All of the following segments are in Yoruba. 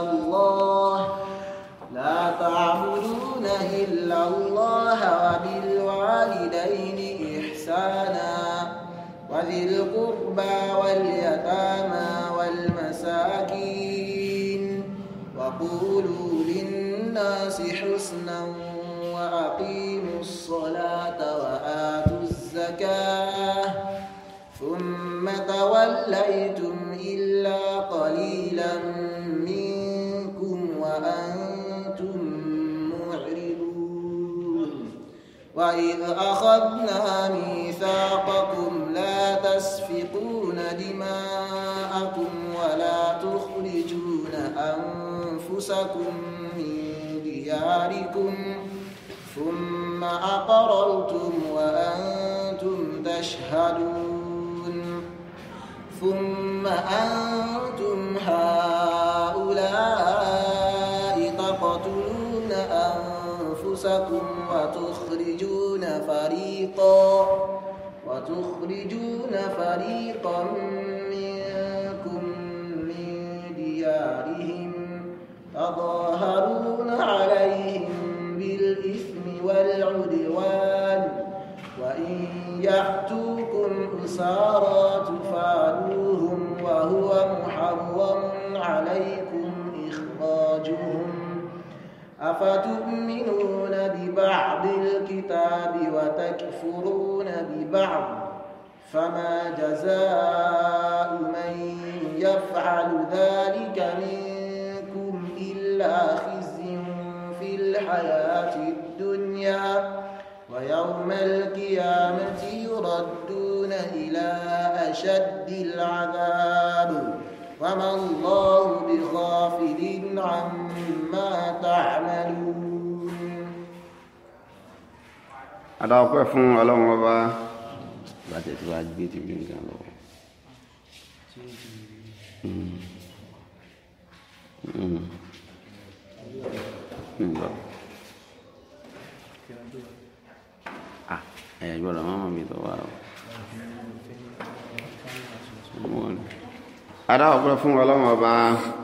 الله لا تعبدون إلا الله وبالوالدين إحسانا وذي القربى واليتامى والمساكين وقولوا للناس حسنا وأقيموا الصلاة وآتوا الزكاة ثم توليتم إلا قليلا وإذ أخذنا ميثاقكم لا تسفقون دماءكم ولا تخرجون أنفسكم من دياركم ثم أقررتم وأنتم تشهدون ثم أنتم هؤلاء تقتلون أنفسكم وتخرجون وتخرجون فريقا وتخرجون فريقا منكم من ديارهم تظاهرون عليهم بالإثم والعدوان وإن يأتوكم أسارى تفادوهم وهو محرم عليكم إخراجهم أفتؤمنون ببعض الكتاب وتكفرون ببعض فما جزاء من يفعل ذلك منكم إلا خزي في الحياة الدنيا ويوم القيامة يردون إلى أشد العذاب وما الله بغافل عما ما تعملون أدعوك فون على مبا بعد إتباع بيتي بدون كان لو Ah, ayah jual mama gitu, wow. Ada apa pun kalau mau bah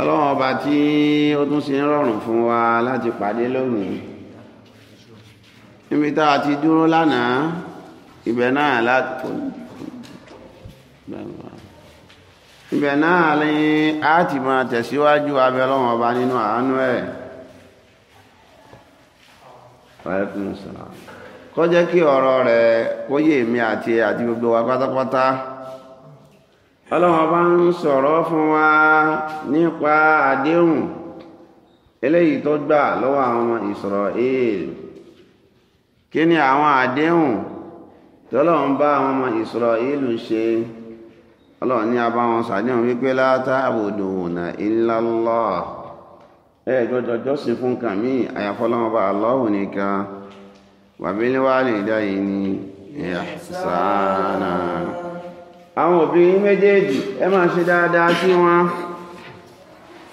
ọlọ́run ọba tí ó tún ṣe ń rọrùn fún wa láti pàdé lónìí níbi tá a ti dúró lánàá ibẹ̀ náà láti ibẹ̀ náà ni a ti máa tẹ̀síwájú abẹ́ ọlọ́run ọba nínú àánú ẹ̀ kó jẹ́ kí ọ̀rọ̀ rẹ̀ kó yé èmi àti àti gbogbo wa pátápátá. ọlọ́run ọba ń sọ̀rọ̀ fún wa nípa àdéhùn eléyìí tó gbà lọ́wọ́ àwọn ọmọ Israel kí ni àwọn àdéhùn tọ́lọ́run bá àwọn ọmọ Israel ṣe ọlọ́run ní abáwọn sàdéhùn wípé látàbùdùnà illallah ẹ gbọ́dọ̀ jọ́sìn fún kàmí àyàfọ́lọ́run bá Allahu nìkan wàbílíwálì dáyìí ní ihsana. àwọn òbí méjèèjì ẹ máa ṣe dáadáa sí wọn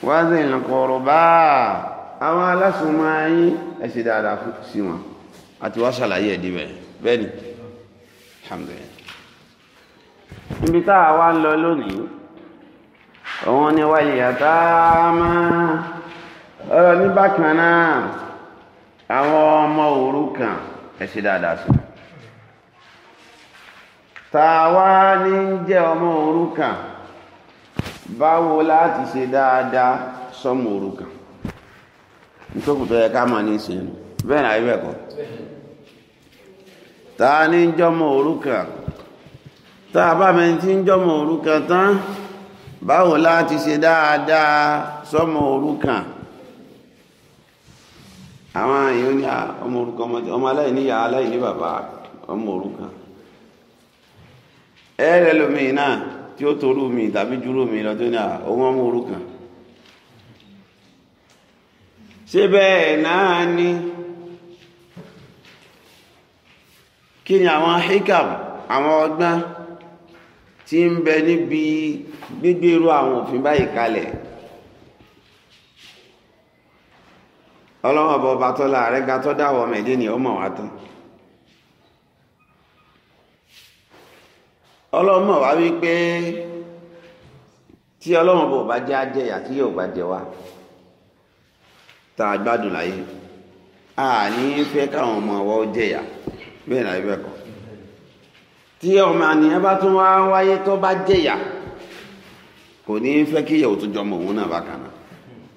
wáṣẹ ìlànkọrọ bá àwọn alásùnmọ́ ayín ẹ ṣe dáadáa sí wọn àti wá ṣàlàyé ẹ̀dí bẹ̀rẹ̀ bẹ́ẹ̀ ni alhamdulillah ibi tá wá ń lọ lónìí òun ni wáyé àtàmà ọ̀rọ̀ ní bákan náà àwọn ọmọ òrukàn ẹ ṣe dáadáa sí wọn. tàwa ní jẹ́ ọmọ òrukàn báwo láti ṣe dáadáa sọmọ òrukàn nítòkù tó mọ̀ ní ìsìn bẹ́ẹ̀ náà ta ní jọmọ òrukàn tá bá mẹ́ni tí ń jọmọ tán báwo láti ṣe dáadáa sọmọ òrukàn àwọn èèyàn ní ọmọ òrukàn ọmọ aláìníyà aláìní bàbá ọmọ ẹ̀rẹ́ lómi náà tí ó torú mi tàbí júrú mi lọ tó ní àwọn ọmọ òrukàn ṣé bẹ́ẹ̀ náà ni kí ni àwọn hikam àwọn ọgbọ́n tí ń bẹ níbi àwọn òfin báyìí kalẹ̀ ọlọ́wọ́ bọba rẹ̀ ọlọ́mọ wá wípé tí ọlọ́run bò bá jẹ́ ajẹ́yà tí yóò bá jẹ wá tá a gbádùn láyé a ní fẹ́ káwọn ọmọ ọwọ́ jẹ̀yà bẹ́ẹ̀ láyé bẹ́ẹ̀ kọ́ tí ọmọ àníyàn bá tún wá wáyé tó bá jẹ̀yà kò ní fẹ́ kí ìyẹ̀wò tó jọmọ òun náà bákan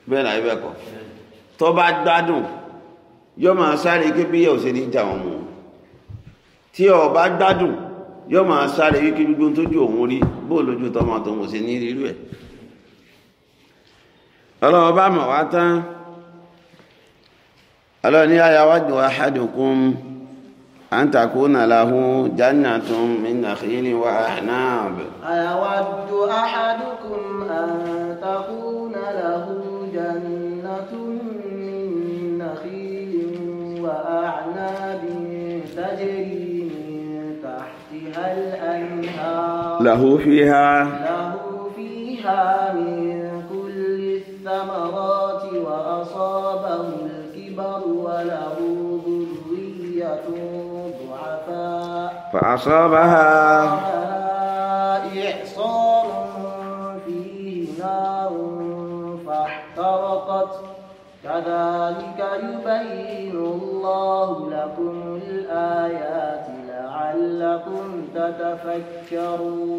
bẹ́ẹ̀ láyé bẹ́ẹ̀ kọ́ tó bá gbádùn yóò máa sáré kí bí ṣe ní ìjà wọn mọ̀ tí ó bá gbádùn yóò máa sáré wíkí gbogbo tójú òun rí bó lójú tọmọ tòun ò sí ní rírú ẹ̀ ọlọ́wọ́ bá mọ̀ wá tán ọlọ́wọ́ ní ayáwájú ahadukum an takuna lahu jannatun min nakhilin wa ahnab ayáwájú ahadukum an takuna lahu jannatun min nakhilin wa ahnab tajri له فيها له فيها من كل الثمرات وأصابه الكبر وله ذرية ضعفاء فأصابها إعصار فيه نار فاحترقت كذلك يبين الله لكم الآيات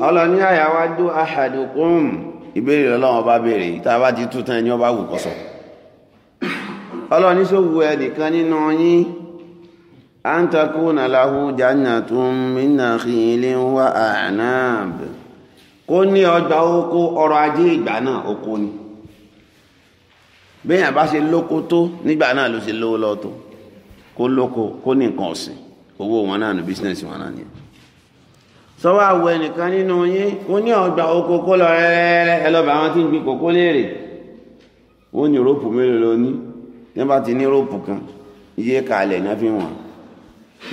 ọlọ ní àyàwájú ahadukum ìbéèrè lọ́wọ́ bá béèrè tá a bá ti tú tán ẹni ọba wù kọ́sọ̀ ọlọ ní sọ wù ẹnìkan nínú yín à ń takú nà láhú jannatun min nakhilin wa a'nab kó ní ọgbà oko ọrọ̀ ajé ìgbà náà oko ni bẹ́ẹ̀ yàn bá ṣe lóko tó nígbà náà ló ṣe lówó lọ́tọ̀ kó lóko kó ní nǹkan ọ̀sìn owó wọn náà ní bísínẹ́sì wọn náà nìyẹn sọ́wọ́ ẹnìkan nínú yín ó ní ọgbà oko kó lọ rẹ́rẹ́rẹ́ ẹlọ́bà àwọn tí ń kòkó léèrè ó ní róòpù mélòó ló ní nígbà tí ní kan iye kalẹ̀ ní fi wọ̀n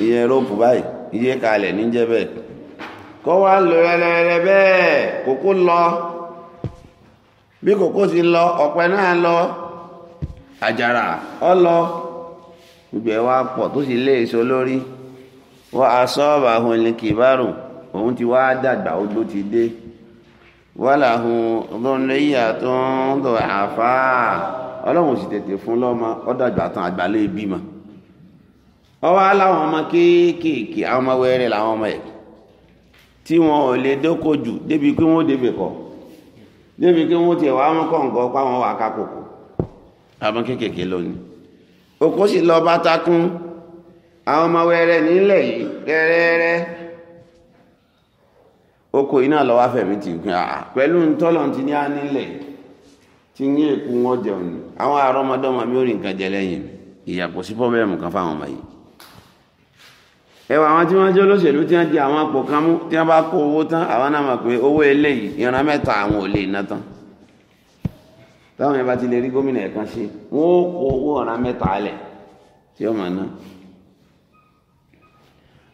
iye báyìí iye kalẹ̀ ní jẹ́ bẹ́ẹ̀ lọ bẹ́ẹ̀ kòkó lọ bí kòkó ti lọ ọ̀pẹ náà lọ àjàrà ọ lọ wa pọ̀ tó sì lórí wọ́n asọ́ọ̀bà hun lè kìbárù òun ti wá dàgbà ó ló ti dé wọ́n làhun lọ́nlẹ́yà tó ń lọ àfá ọlọ́run sì tètè fún lọ́mọ ó dàgbà tán àgbàlẹ́ bímọ ọwọ́ aláwọn ọmọ kéékèèké àwọn ọmọ wẹ́rẹ́ làwọn ọmọ ẹ̀ tí wọn ò lè dókòjù débi pé wọn débi kọ débi pé wọn ti wà wọn kọ̀ǹkọ̀ pa wọn wà kákòkò àwọn kéékèèké lónìí òkú sì lọ bá takún àwọn ọmọ wẹrẹ nílẹ̀ yìí rẹ́rẹ́rẹ́ oko iná lọ́wọ́ fẹ̀mí ti gbìn àà pẹ̀lú ntọ́lọ̀ ti ní á nílẹ̀ ti ní èkú wọn jẹun ni àwọn àrọ́mọdọ́mọ mi ò rí nǹkan jẹ lẹ́yìn ìyàpọ̀ sí pọ́bẹ́ẹ̀mù kan fáwọn ọmọ yìí ẹwà àwọn tí wọ́n jẹ́ olóṣèlú tí wọ́n di àwọn àpò kan mú tí bá kó owó tán ti lè rí gómìnà ẹ̀kan ṣe wọ́n ó kó owó ọ̀ràn mẹ́ta alẹ̀ tí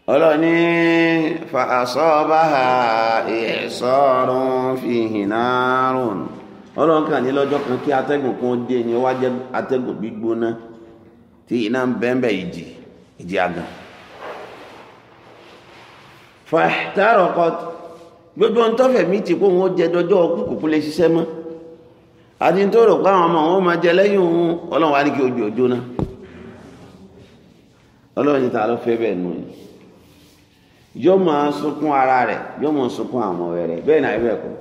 ọlọ́ni fàṣọ́báhà ìṣọ́rùn fi hìnàrùn ọlọ́run ní lọ́jọ́ kan kí atẹ́gùn kan dé ní ó jẹ́ atẹ́gùn gbígbóná tí iná ń bẹ́ẹ̀bẹ̀ ìjì ìjì àgàn gbogbo ń tọ́fẹ̀ mí ti dọjọ́ kúkùkú lè ṣiṣẹ́ mọ́ àti tó rò ní kí ojú náà yóò máa sunkún ara rẹ̀ yóò máa sunkún àwọn ọ̀rẹ́ rẹ̀ bẹ́ẹ̀ náà ibẹ̀ kọ́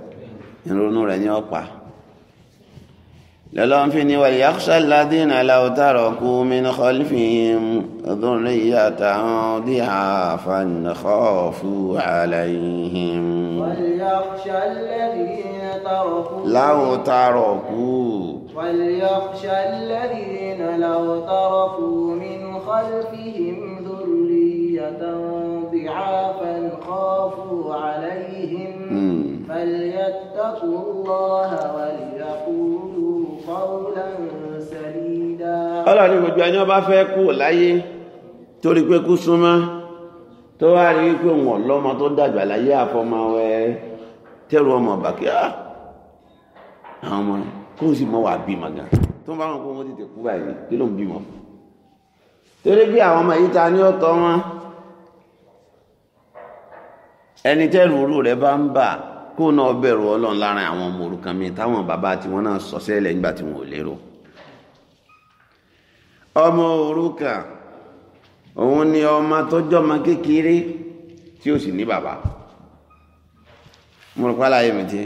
ìrònú rẹ̀ ní ọ̀pá lọ́lọ́n fi ni wàlíyàkúṣà ládínà láwùtárọ̀ kú mínú kọlífìhìm ọdúnrí àtàwọn dí àfànàkọ́ fún àlàyìn láwùtárọ̀ kú wàlíyàkúṣà ládínà láwùtárọ̀ kú mínú kọlífìhìm ọdúnrí àtàwọn ضعافا خافوا عليهم hmm. فليتقوا الله وليقولوا قولا سديدا ọlọ́run ní gbogbo ẹni ọba fẹ́ kú láyé torí pé kú súnmọ́ tó wá rí wípé wọn lọ́mọ tó dàgbà láyé àfọmọwẹ́ tẹ́rù ọmọ bàkí ah! àwọn ọmọ kó sì mọ́ wà bímọ gan tó bá wọn kó wọn tètè kú báyìí kí ló ń bímọ torí bí àwọn ọmọ yìí ta ní ọ̀tọ̀ wọn ẹni tẹ́rù orú rẹ̀ bá ń bà kó náà bẹ̀rù ọlọ́run lára àwọn ọmọ òrukàn mi táwọn bàbá tiwọn náà sọ sílẹ̀ nígbà tí wọn ò lérò ọmọ òrukàn òun ni ọmọ tọjọ́ ọmọ kékeré tí ó sì ní bàbá mo rò pálá yé mi ti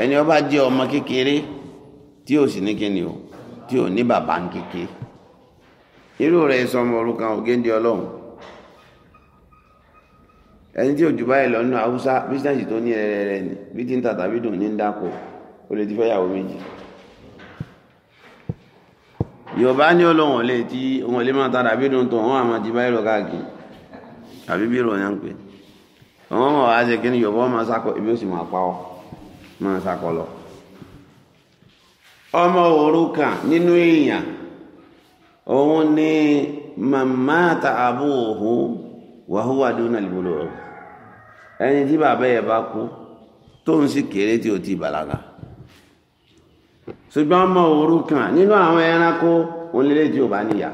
ẹni ó bá jẹ́ ọmọ kékeré tí ó sì ní kíni o tí ò ní bàbá ń kékeré irú rẹ̀ sọmọ òrukàn ògéńdé ọlọ́run ẹni tí òjò báyìí lọ́nà haúsá bísíǹsì tó ní ẹrẹ rẹ ni bí tí ń tà tàbí dùn ní ń ó lè ti fẹ́ yàwó méjì yorùbá ní ọlọ́wọ̀n lè tí òun lè máa tàbí dùn tó wọn àmọ́ ti báyìí lọ káàkiri tàbí bí ìròyìn à ń pè àwọn ọmọ wa ṣe kíni yorùbá máa pa ọ máa sákọ lọ ọmọ òrukàn nínú èèyàn òun ni màmá ta àbúrò wàhúwà dúnà ìgbòlò ọ̀rọ̀ ẹni tí bàbá yẹ bá kú tóun sì kéré tí ó ti bàlágà ṣùgbọ́n ọmọ òrukàn nínú àwọn ẹranko onílé tí ó bá níyà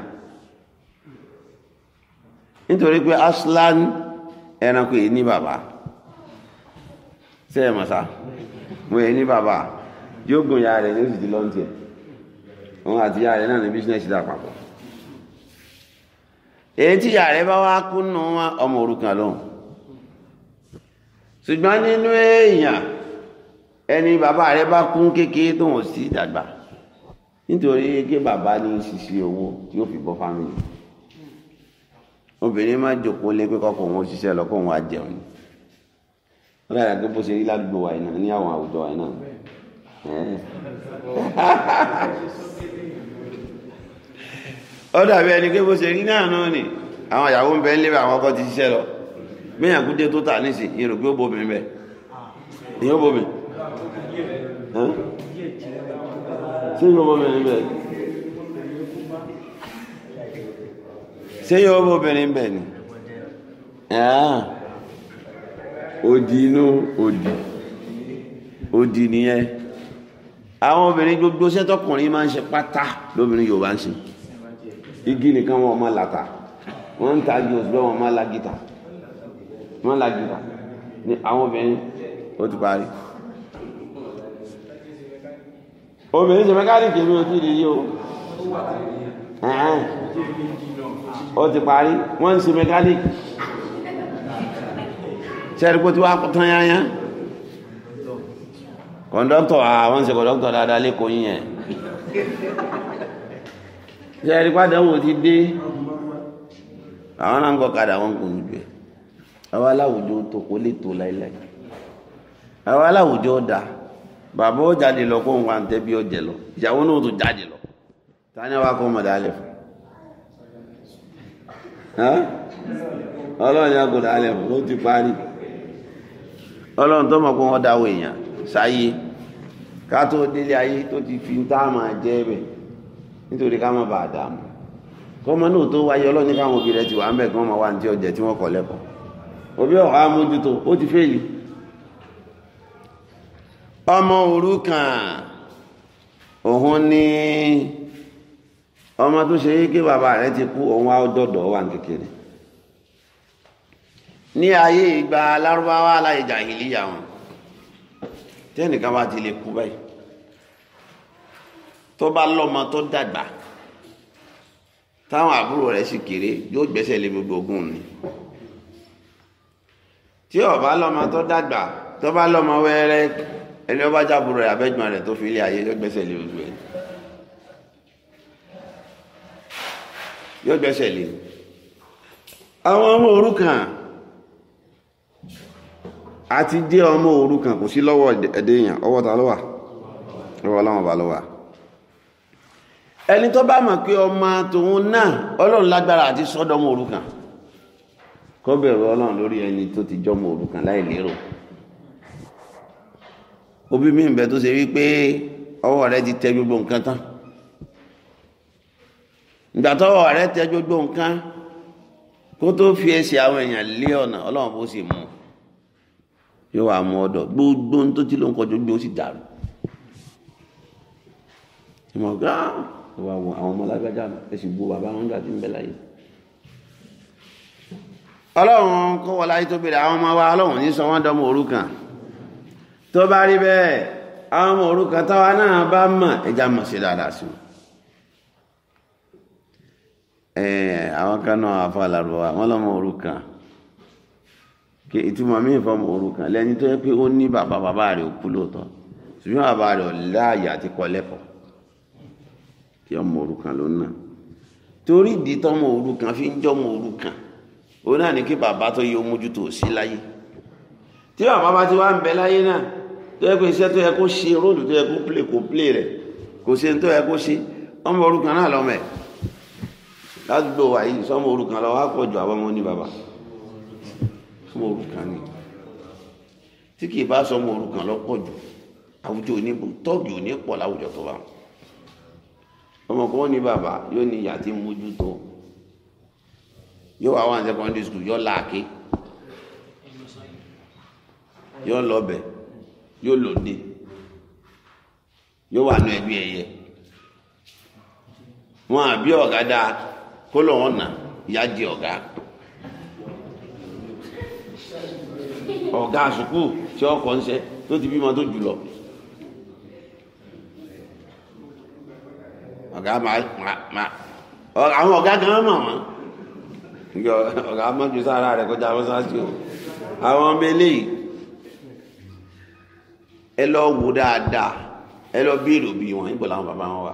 nítorí pé aslan ẹranko yìí ní bàbá ṣe é mọ̀sá mo yẹ ní bàbá yóò gùn ya rẹ̀ ní oṣù tí lọ́ntì ẹ̀ òun àti ya náà ní èyí tí ìyá rẹ̀ bá wá kú nù wọn ọmọ òrukàn lóhùn ṣùgbọ́n nínú èèyàn ẹni bàbá rẹ̀ bá kú kékeré tó wọ́n sí dàgbà nítorí kí bàbá ní ṣiṣẹ́ owó tí ó fi bọ́ fámìlì obìnrin má jòkó lé pé kọ́kọ́ òun ṣiṣẹ́ lọ kóun á jẹun ni wọ́n dára pé bó ṣe rí ládùúgbò wa iná ní àwọn àwùjọ wa iná. ó dàbí ẹni pé bó ṣe rí náà náà nì àwọn ìyàwó ń bẹ ń lébà àwọn ọkọ ti ṣiṣẹ́ lọ gbéyàn kú dé tó tà ní sí ìrò pé ó bomi bẹ ìyó bomi ṣé yóò bomi bẹ ṣé yóò bomi bẹ ni òdì inú òdì òdì nìyẹn àwọn obìnrin gbogbo sẹ́tọ̀kùnrin máa ń ṣe pátá lóbìnrin Yorùbá ń ṣe igi nìkan wọn ọmọ làtà wọn ń ta igi òṣùlọ wọn ọmọ làgìtà wọn làgìtà ni àwọn obìnrin ó ti parí obìnrin ṣe mẹkáníìkì mi ò tí ì rí yìí o ó ti parí wọ́n ń ṣe mẹkáníìkì ṣẹ́rí pé tí wàá tán yányán kọ̀ńdọ́tọ̀ àwọn ń ṣe kọ̀ńdọ́tọ̀ dáadáa lẹ́kọ̀ọ́ yìnyẹn. ṣe ẹ̀rí padà wò ti dé àwọn náà ń kọ́ kadà wọn kò ní jù ẹ̀ àwọn aláwùjọ tó kó lè tó láìláì àwọn aláwùjọ dà bàbá ó jáde lọ kó jẹ lọ ìyàwó náà tó jáde lọ tani wa kó mọ̀ dálẹ̀ fún ọlọ́run yà kó dálẹ̀ fún ó ti parí ọlọ́run tó mọ̀ kó wọ́n dáwọ́ èèyàn sáyé ká tó délé ayé tó ti fi tá a jẹ́ bẹ́ẹ̀. nítorí ká má bàa dààmú kọ́mọ náà tó wáyé ọlọ́ni káwọn òbí rẹ ti wà ń bẹ̀ kí wọ́n máa wá ní tí ọjà tí wọ́n kọ̀ lẹ́kọ̀ọ́ òbí ọ̀há mójútó ó ti fẹ́ẹ̀lì ọmọ òrukàn òun ní ọmọ tó ṣe kí bàbá rẹ ti kú òun á dọ̀dọ̀ wà kékeré ní ayé ìgbà lárúbáwá aláìjà ìlíyà wọn tẹ́nìkan bá ti lè kú báyìí tó bá lọ́mọ tó dàgbà táwọn àbúrò rẹ̀ sì kéré yóò gbẹ́sẹ̀ lé gbogbo ogún ni tí ó bá lọ́mọ tó dàgbà tó bá lọ́mọ wẹ́rẹ́ ẹni ọba jábúrò rẹ̀ abẹ́gbọ̀n rẹ̀ tó fi ilé ayé yóò gbẹ́sẹ̀ lé gbogbo ẹ̀ yóò gbẹ́sẹ̀ lé àwọn ọmọ òrukàn àti jẹ́ ọmọ òrukàn kò sí lọ́wọ́ ẹ̀dẹ́yàn ọwọ́ ta ló wà ọwọ́ ọlọ́wọ́ bá ló wà ẹni tó bá mọ̀ pé ọmọ tòun náà ọlọ́run lágbára àti sọ́dọ̀mọ̀ òrukàn kó bẹ̀rù ọlọ́run lórí ẹni tó ti jọmọ̀ òrukàn láì lérò òbí mi ìbẹ̀ tó ṣe wípé ọwọ́ rẹ ti tẹ gbogbo nǹkan tán ìgbà tọ́wọ́ rẹ tẹ gbogbo nǹkan kó tó fi ẹsẹ̀ àwọn èèyàn lé ọ̀nà ọlọ́run bó sì mú yóò wá mú ọ̀dọ̀ gbogbo tó ti ló ń kọjú gbé ó sì dàrú ìmọ̀gá ẹ wá wọ àwọn ọmọ alágbájá ẹ sì bu bàbá wọn gbà tí ń bẹ láyé ọlọ́run kó wọ láyé tó bèrè àwọn ọmọ wa ọlọ́run ní sọ wọ́n dọmọ òrukàn tó bá rí bẹ́ẹ̀ àwọn ọmọ òrukàn táwa náà bá mọ̀ ẹja mọ̀ sí dáadáa sí àwọn kan náà afọ wọn lọmọ òrukàn kí ìtumọ̀ míì fọmọ òrukàn lẹni tó yẹ pé ó ní bàbá bàbá rẹ̀ ó lóòótọ́ ṣùgbọ́n bàbá rẹ̀ ò láàyè àti kọ́ lẹ́kọ̀ọ́ tí ọmọ òrukàn ló nà torí ìdí tọmọ òrukàn fi ń jọmọ òrukàn òun náà ní kí bàbá tó yẹ mójútó sí láyé tí bàbá bá ti wá ń bẹ láyé náà tó yẹ kó iṣẹ́ tó yẹ kó ṣe róòlù tó yẹ kó plé kó plé rẹ̀ kò ṣe tó yẹ kó ṣe ọmọ òrukàn náà lọ́mọ ẹ̀ ládùúgbò wa yìí sọmọ òrukàn lọ́wọ́ á pọ̀ ju àwọn ọmọ ní bàbá sọmọ òrukàn ni tí kì í bá sọmọ òrukàn lọ́pọ̀ jù àwùjọ òní tọ́ọ̀gì òní pọ̀ láwùjọ tó bá wọn ọmọ kan ó ní bàbá yóò ní ìyá tí ń mójútó yóò wá wá ní secondary school yóò láàké yóò lọbẹ yóò lòdì yóò wà nù ẹbí ẹyẹ wọn àbí ọ̀gá dáa kó lọ ọ̀nà ìyá jẹ ọ̀gá ọ̀gá sùkúù tí ọkọ̀ ń ṣe tó ti bímọ tó jù lọ. ọ̀gá máa àwọn ọ̀gá gan mọ̀ wọ́n ọ̀gá mọ́jú sára rẹ̀ kọjá wọ́n sáájú o àwọn ọmọ eléyìí ẹ lọ wò dáadáa ẹ lọ béèrè òbí wọn níbo làwọn bàbá wọn wà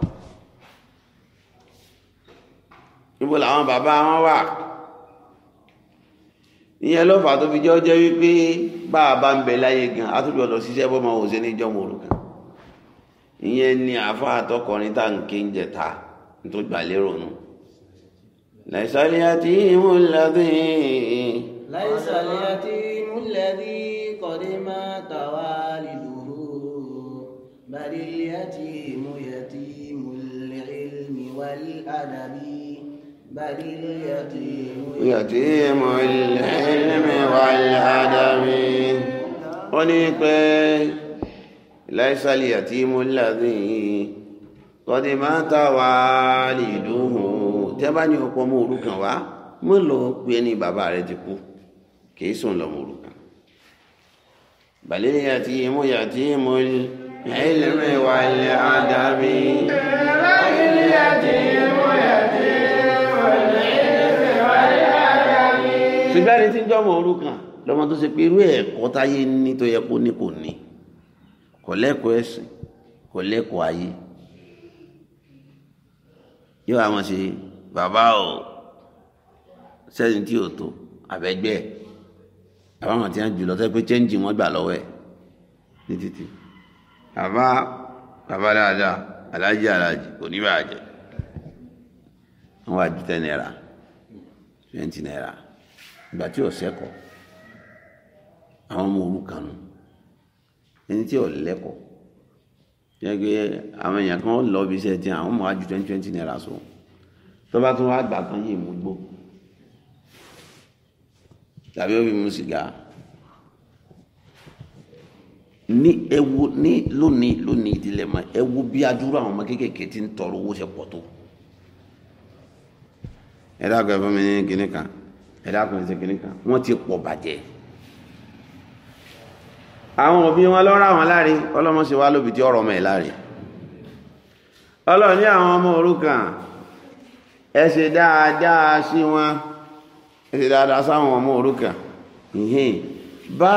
níbo làwọn bàbá wọn wà ìyẹn lọ́fà tó fi jẹ́ ọjọ́ wípé bá a bá ń bẹ láyé gan a tún bí ọ̀dọ̀ ṣiṣẹ́ bọ́ máa wò sí ní ìjọ́mọ̀ òrukàn ìyẹn ni àfa àtọkọrin tá n ké ń jẹta tó gbà lérò nù. lẹ́sàlíyàtì múlẹ́dì. lẹ́sàlíyàtì múlẹ́dì kọ́dé máa tàwa lìlúrú bàdìlíyàtì múyàtì múlẹ́ẹ̀lmi wàlí àdàbí. يتيم العلم والأدب ونيقي ليس اليتيم الذي قد مات والده tẹ́bá ní ọ̀pọ̀ ọmọ òrukàn wá mọ́ lọ pé ní bàbá rẹ̀ ti kú kìí sùn lọ́mọ òrukàn bàlẹ́ yàtí mú yàtí mú ilmi wà ilẹ̀ àdàbí bàlẹ́ wà ilẹ̀ àdàbí ṣùgbọ́n ẹni tí ń jọ́mọ̀ òrukàn lọ́mọ tó ṣe pé irú ẹ̀kọ́ táyé ní tó yẹ kó ní kò ní kò lẹ́kọ̀ọ́ ẹ̀sìn kò lẹ́kọ̀ọ́ ayé yóò àwọn ṣe bàbá o sẹ́yìn tí ò tó àbẹ́gbẹ́ ẹ̀ àbáwọn tí wọ́n jù lọ sẹ́pẹ́ chẹ́ǹjì wọ́n gbà lọ́wọ́ ẹ̀ ní títì bàbá bàbá dáadáa aláàjì aláàjì kò ní bàá jẹ wọ́n wá ju ten naira twenty naira ìgbà tí ò sẹ́kọ̀ọ́ àwọn ọmọ òrukàn nù ẹni tí ò lẹ́kọ̀ọ́ yẹ pé àwọn èèyàn kan lọ bí iṣẹ́ tí àwọn máa ju twenty twenty naira so tó bá tún wá gbà kan yìí mú gbó tàbí ó fi mu sìgá ní ewu ní lónìí lónìí ìdílé ma ewu bí adúrú àwọn ọmọ kéékèèké ti ń tọrọ owó ṣe pọ̀ tó ẹ dákun ẹ fún mi ní kinní kan ẹ dákun ẹ ṣe kinní kan wọ́n ti pọ̀ bàjẹ́ àwọn òbí wọn lọ́rọ̀ àwọn láre ọlọ́mọsí wá lóbi tí ọ̀rọ̀ ọmọ ẹ̀ láre ọlọ́run ní àwọn ọmọ òrukàn ẹ ṣe dáadáa sí wọn ẹ ṣe dáadáa sáwọn ọmọ òrukàn ìhìn bá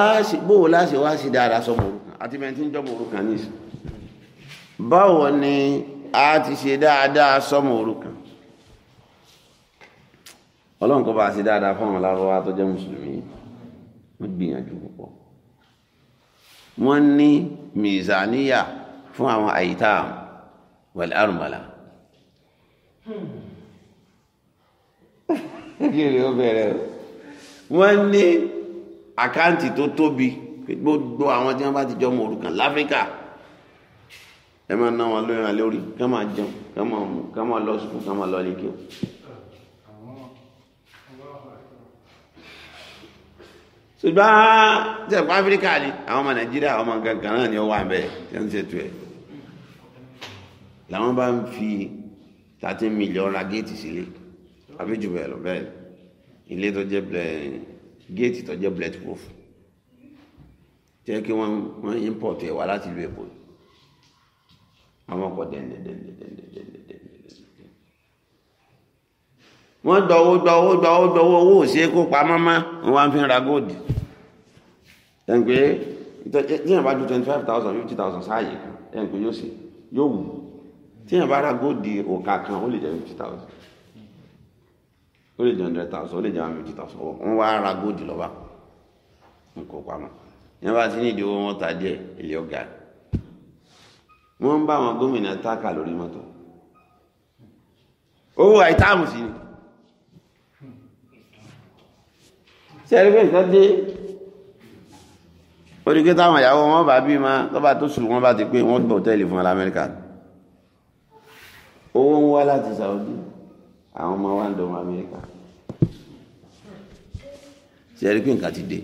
bóò láṣẹ wá sí dáadáa sọmọ òrukàn àti bẹntí ń jọmọ òrukàn nìsí báwo ni a ti ṣe dáadáa sọmọ òrukàn ọlọ́run bá ṣe dáadáa fún àwọn lárúbáwá tó jẹ́ mùsùlùmí wọ́n gbìyànjú wọ́n ní mizaniya fún àwọn àyíká wal armala wọ́n ní àkáǹtì tó tóbi gbogbo àwọn tí wọ́n bá ti jọ mọ̀ òrukàn láfíríkà ẹ máa ná wọn lórí kí wọ́n máa jẹun kí máa lọ sùkúù kí wọ́n máa lọ ilé ṣùgbọ́n ṣẹ̀pọ̀ áfíríkà ni àwọn ọmọ nàìjíríà ọmọ gangan náà ni ó wà bẹ́ẹ̀ tí wọ́n ń ṣètò ẹ̀ làwọn bá ń fi thirteen million ra géètì sílé àbí jù bẹ́ẹ̀ lọ bẹ́ẹ̀ ilé tó jẹ́ géètì tó jẹ́ bullet proof jẹ́ kí wọ́n wọ́n import ẹ̀ wá láti ìlú èkó àwọn ọkọ̀ dẹ̀ndẹ̀dẹ̀ndẹ̀dẹ̀dẹ̀ wọ́n gba owó gba owó gba owó gba owó owó òsì kó pamọ́ wọ́n wá fi ra góòdì ẹ̀ ń bá ju twenty five thousand fifty thousand sáàyè ẹ̀ ń pé yóò sì yóò wù tíyàn bá ra góòdì òkà kan ó lè jẹ́ fifty thousand ó lè jẹ́ hundred thousand ó lè jẹ́ one fifty thousand wọ́n wá ra góòdì lọ́ba kó pamọ́ yẹn bá ti ní ìdíwọ́ wọn ta díẹ̀ ilé ọ̀gá wọ́n ń bá àwọn gómìnà táàkà lórí mọ́tò owó àìtáàmù sí ni. sẹ́rí pé nǹkan dé oríkẹ́ táwọn ìyàwó wọn bá bí ma tó bá tó sùn wọn bá ti pé wọ́n gbọ́ tẹ́lì fún alamẹ́ríkà owó ń wá láti Saudi àwọn ọmọ wa ń dọ̀wọ́ Amẹ́ríkà sẹ́rí pé nǹkan ti dé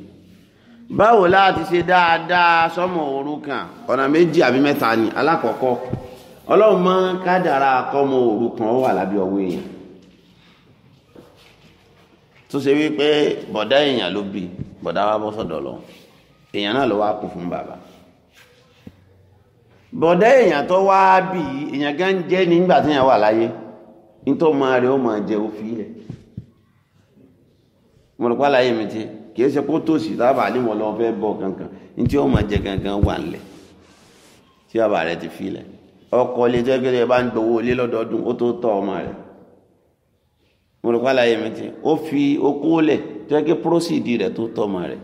báwo láti ṣe dáadáa sọ́mọ òrukàn ọ̀nà méjì àbí mẹ́ta ni alákọ̀ọ́kọ́ ọlọ́run máa ń kádàrá akọ́mọ òrukàn ó wà lábẹ́ ọwọ́ èèyàn tó ṣe wípé bọ̀dá èèyàn ló bí bọ̀dá wa bọ́ sọ̀dọ̀ lọ èèyàn náà ló wá kú fún bàbá bọ̀dá èèyàn tó wá bí èèyàn gan jẹ́ nígbà tí èèyàn wà láyé nítorí máa o ó máa jẹ òfin ilẹ̀ mo rò to mi ti kì í ṣe kó tòsí tábà ní kankan ní tí ó máa jẹ gangan wà ńlẹ̀ tí bàbá ti fi ilẹ̀ ọkọ̀ ilé jẹ́ gẹ́gẹ́ bá ń gbowó ilé lọ́dọọdún mo rò pàlà yẹn ti ó fi okó lẹ tó yẹ kí prósìdì rẹ tó tọ́ ma rẹ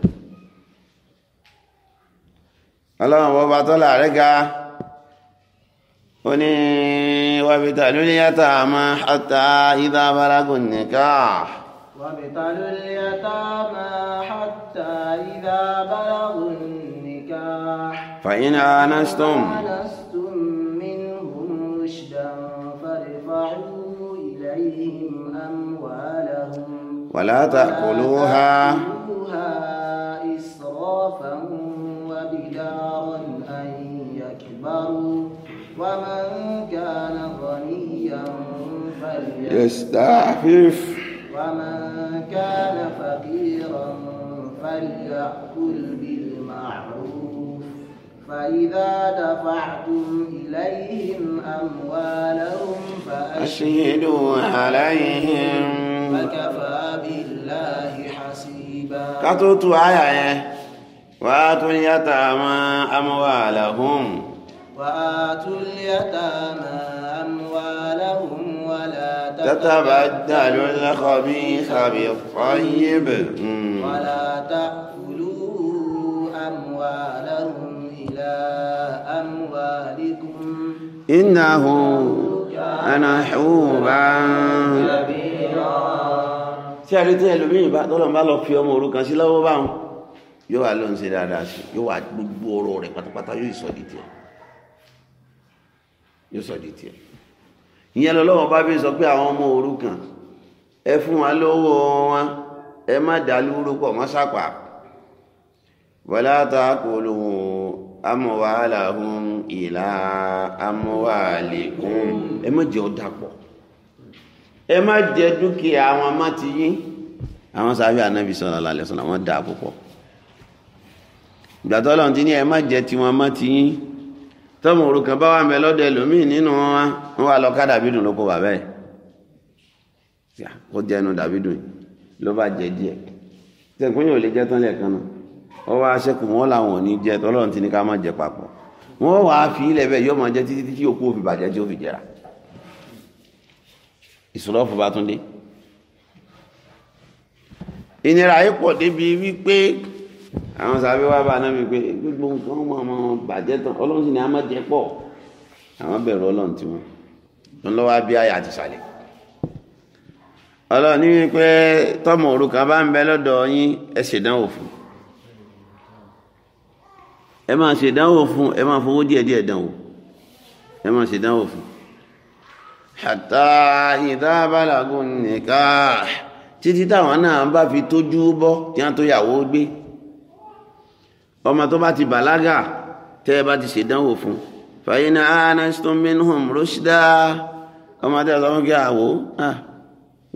ọlọ́run bọba tọ́lá rẹ ga ó ní wàbìtà lórí yàtà àmà àtà ìdá abárágùn nìkan. وابتلوا اليتامى حتى إذا بلغوا النكاح فإن آنستم آنستم منهم رشدا فارفعوا إليهم ولا تأكلوها إسرافا وبدارا أن يكبروا ومن كان غنيا فليستعفف ومن كان فقيرا فليأكل بالمعروف فإذا دفعتم إليهم أموالهم فأشهدوا عليهم فكفى ká tó tu àyà yẹn wà á tún yàtà àmọ́ amúwà àlàhùn. wà á dàlú lẹ́kọ̀ọ́ bí sàbí fọ́yé bẹ̀. wà látà kùlù a rí tí ẹlòmíyìn bá tọ́lọ̀ bá lọ fi ọmọ òrukàn sí lọ́wọ́ bá wọn yóò wá ṣe dáadáa sí yóò wà gbogbo ọ̀rọ̀ rẹ̀ pátápátá yóò sọ di tiẹ̀ yóò sọ bá fi sọ pé àwọn ọmọ òrukàn ẹ fún wa lọ́wọ́ wọn ẹ má dà pọ̀ mọ́ sápà kò ìlà kún ẹ má jẹ́ ẹ má jẹ dúkìá àwọn má ti yín àwọn sábẹ́ ànábì sallallahu alaihi wasallam wọ́n dáa púpọ̀ ìgbàtọ́ lọ́n ti ní ẹ má jẹ tí wọ́n má ti yín tọ́mù òrukàn bá wà mẹ́ lọ́dọ̀ ẹlòmíì nínú wọn wọ́n wà lọ ká dàbídùn lóko bàbá ẹ̀ ó jẹnu dàbídùn ló bá jẹ díẹ̀ tẹ̀kún yóò lè jẹ́ tán lẹ́ẹ̀kan náà ó wá aṣẹ́kù wọn làwọn ò ní jẹ tọ́lọ́run ti ní ká má jẹ papọ̀ wọ́n wàá fi ilẹ̀ bẹ́ẹ̀ yóò máa jẹ títí tí òkú òfin bàjẹ́ tí ó fi jẹra ìsúrọ́fù bá tún dé ìnira yìí pọ̀ débi wípé àwọn sàbí wá bá náà wípé gbogbo nǹkan mọ̀ ọmọ bàjẹ́ tán ọlọ́run sì ní amájẹ pọ̀ àwọn bẹ̀rù ọlọ́run tí wọ́n ń lọ́wọ́ bí àyà àti sàlẹ̀ ọlọ́run ní wípé tọ́mọ òrukàn bá ń bẹ lọ́dọ̀ yín ẹ ṣèdánwò fún ẹ máa ṣèdánwò fún ẹ máa fowó díẹ̀díẹ̀ dánwò ẹ máa ṣèdánwò fún un hàtà ìdábàlágún nìka títí táwọn náà bá fi tójú bọ́ tí wọ́n tó yàwó gbé ọmọ tó bá ti bàlágà tẹ́ ẹ bá ti ṣèdánwò fún fàyínà anastom minhum rushda ọmọ tẹ́ ẹ sọ fún kí àwò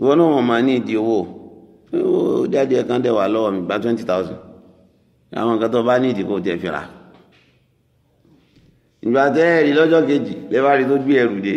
wọn náà wọn máa ní ìdí owó owó jáde ẹ̀kan dẹ̀ wà lọ́wọ́ mi gba twenty thousand àwọn nǹkan tó bá ní ìdí kò tẹ̀ fìrà ìgbà tẹ́ ẹ lọ́jọ́ kejì lẹ́bàá rí tó gbé ẹrù dé.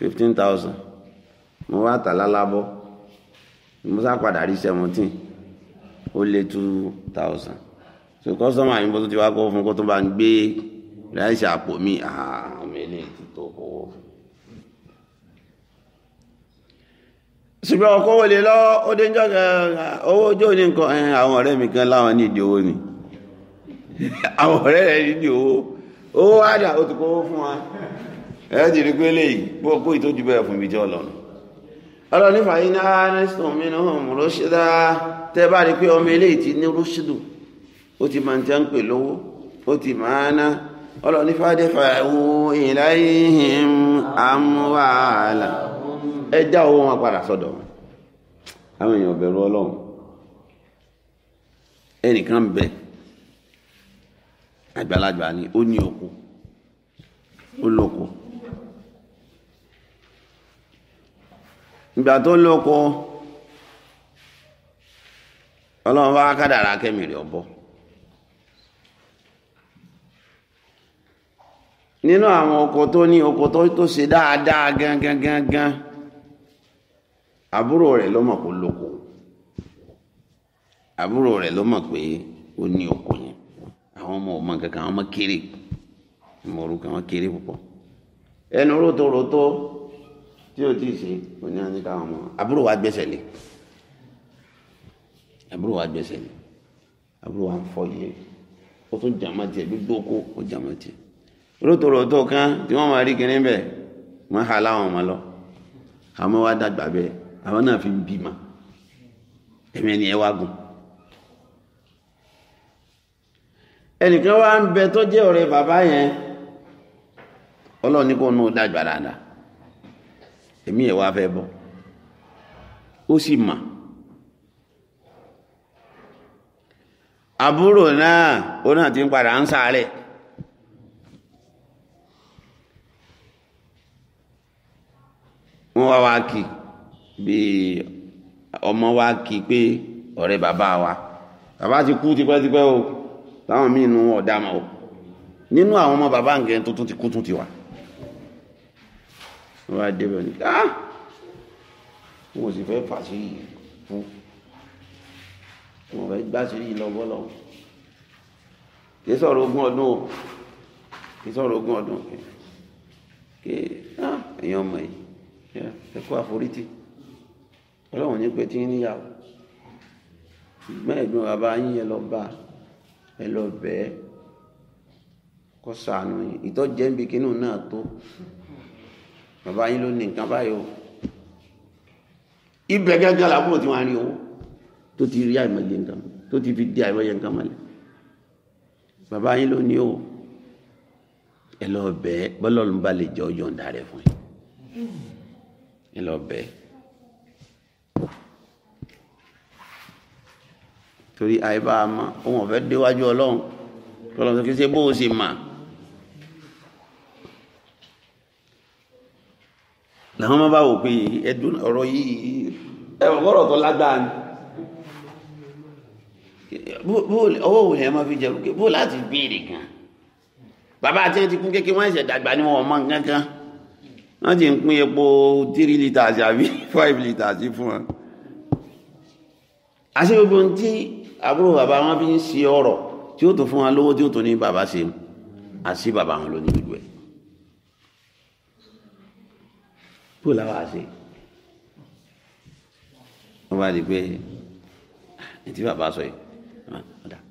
fifteen thousand mo wá tà lálábọ́ mo sá padà rí seventeen ó lé two thousand so kọ́sọ́mà yìí mo tún ti wá kó fún kó tó bá ń gbé ráìsì àpò mi àmì eléyìí ti tó owó. ṣùgbọ́n ọkọ̀ wọlé lọ ó dé jọ́ owó ojú ní nǹkan ẹ̀hìn àwọn ọ̀rẹ́ mi kan láwọn ní ìdí owó ni àwọn ọ̀rẹ́ rẹ̀ ní ìdí owó owó wádà ó ti kówó fún wa ẹ ti rí pé léyìí gbogbo ìtọ́jú bẹ́ẹ̀ fún ibi jẹ́ ọlọ́run ọlọ́run nípa yìí ní aniston minhum rushda tẹ́ bá rí pé ọmọ eléyìí ti ní rushdu ó ti máa ń tẹ́ ń pè lówó ó ti máa ná ọlọ́run nípa dẹ́fà ẹ̀wù ilayhim amwala ẹ owó wọn padà sọ́dọ̀ àwọn èèyàn bẹ̀rù ọlọ́run ẹnìkan bẹ àgbàlagbà ni ó ní oko ó lóko ìgbà tó lóko ọlọ́run bá nínú àwọn ọkọ tó ní ọkọ tó ṣe dáadáa gangan àbúrò rẹ̀ ló mọ̀ kó lóko àbúrò ló pé ó ní àwọn ọmọ ọmọ kankan àwọn ọmọ kéré ọmọ orúkọ àwọn kéré tí ò tí ì ṣe kò ní àní káwọn ọmọ àbúrò wa gbẹ́sẹ̀ lé àbúrò wa gbẹ́sẹ̀ lé àbúrò wa ń fọ yé ó tún jàmá tiẹ̀ gbogbo kó ó jàmá tiẹ̀ rótòrótò kan tí wọ́n máa rí kiri bẹ̀ wọ́n ha láwọn ọmọ lọ àwọn wa dàgbà bẹ́ẹ̀ àwọn náà fi bímọ ẹ̀mí ẹni ẹ wá gùn. ẹnìkan wá ń bẹ tó jẹ́ ọ̀rẹ́ bàbá yẹn ọlọ́run ní kó nù dàgbà dáadáa. èmi yẹn wá fẹ́ bọ́ ó sì mà àbúrò náà ó náà ti ń padà ń sáré wọ́n wá wá bí ọmọ wá ọrịa pé bàbá wa bàbá ti kú tipẹ́tipẹ́ o táwọn míì nù o nínú àwọn ọmọ bàbá nǹkan tuntun ti kú tún ti wà. tó bá débẹ̀ ní ah wọn ò sì fẹ́ fàṣẹ yìí fún wọn fẹ́ gbàṣẹ yìí lọ́bọ́lọ́ kì í sọ̀rọ̀ ogún ọdún o kì í sọ̀rọ̀ ogún ọdún kì í ah èèyàn ọmọ yìí ẹ̀kọ́ àforítì ọlọ́run ní pé tí ń níyàwó ṣùgbọ́n ẹ̀gbọ́n bàbá yín yẹn lọ bá ẹ lọ bẹ́ẹ̀ kọ́ sànù yìí ìtọ́jẹ́ ń bi kínú náà tó bàbá yín ló ní nǹkan báyìí o ibẹ̀ gẹ́gẹ́ làbúrò tí wọ́n á rí owó tó ti rí àìmọye nǹkan tó ti fi di àìmọye nǹkan mọ́lẹ̀ bàbá yín ló ní o ẹ lọ bẹ̀ bọ́lọ́run bá lè jọ yọ̀ǹda rẹ̀ fún yín ẹ lọ bẹ̀ torí àìbá a mọ ọ̀fẹ́ déwájú ọlọ́run tọ́lọ́run kí ṣe bó o ṣe máa. làwọn máa bá wò pé ẹdùn ọ̀rọ̀ yìí ẹ̀wọ̀n tó lágbára ni ọwọ́ òun ẹ̀ máa fi jẹun pé bó láti béèrè gan bàbá àti ẹni ti kún kékeré wọn ẹ̀sẹ̀ dàgbà ni wọn ọmọ nǹkan kan wọ́n ti ń pín epo three litres àbí five litres fún wọn àṣẹ gbogbo ohun tí àbúrò bàbá wọn fi ń ṣe ọ̀rọ̀ tí ó tó fún wọn lówó tí ó tó ní bàbá ṣe àṣì bàbá wọn ló gbogbo ẹ̀ kó làwọn àṣe wọ́n bá di pé ètí bàbá sọ yìí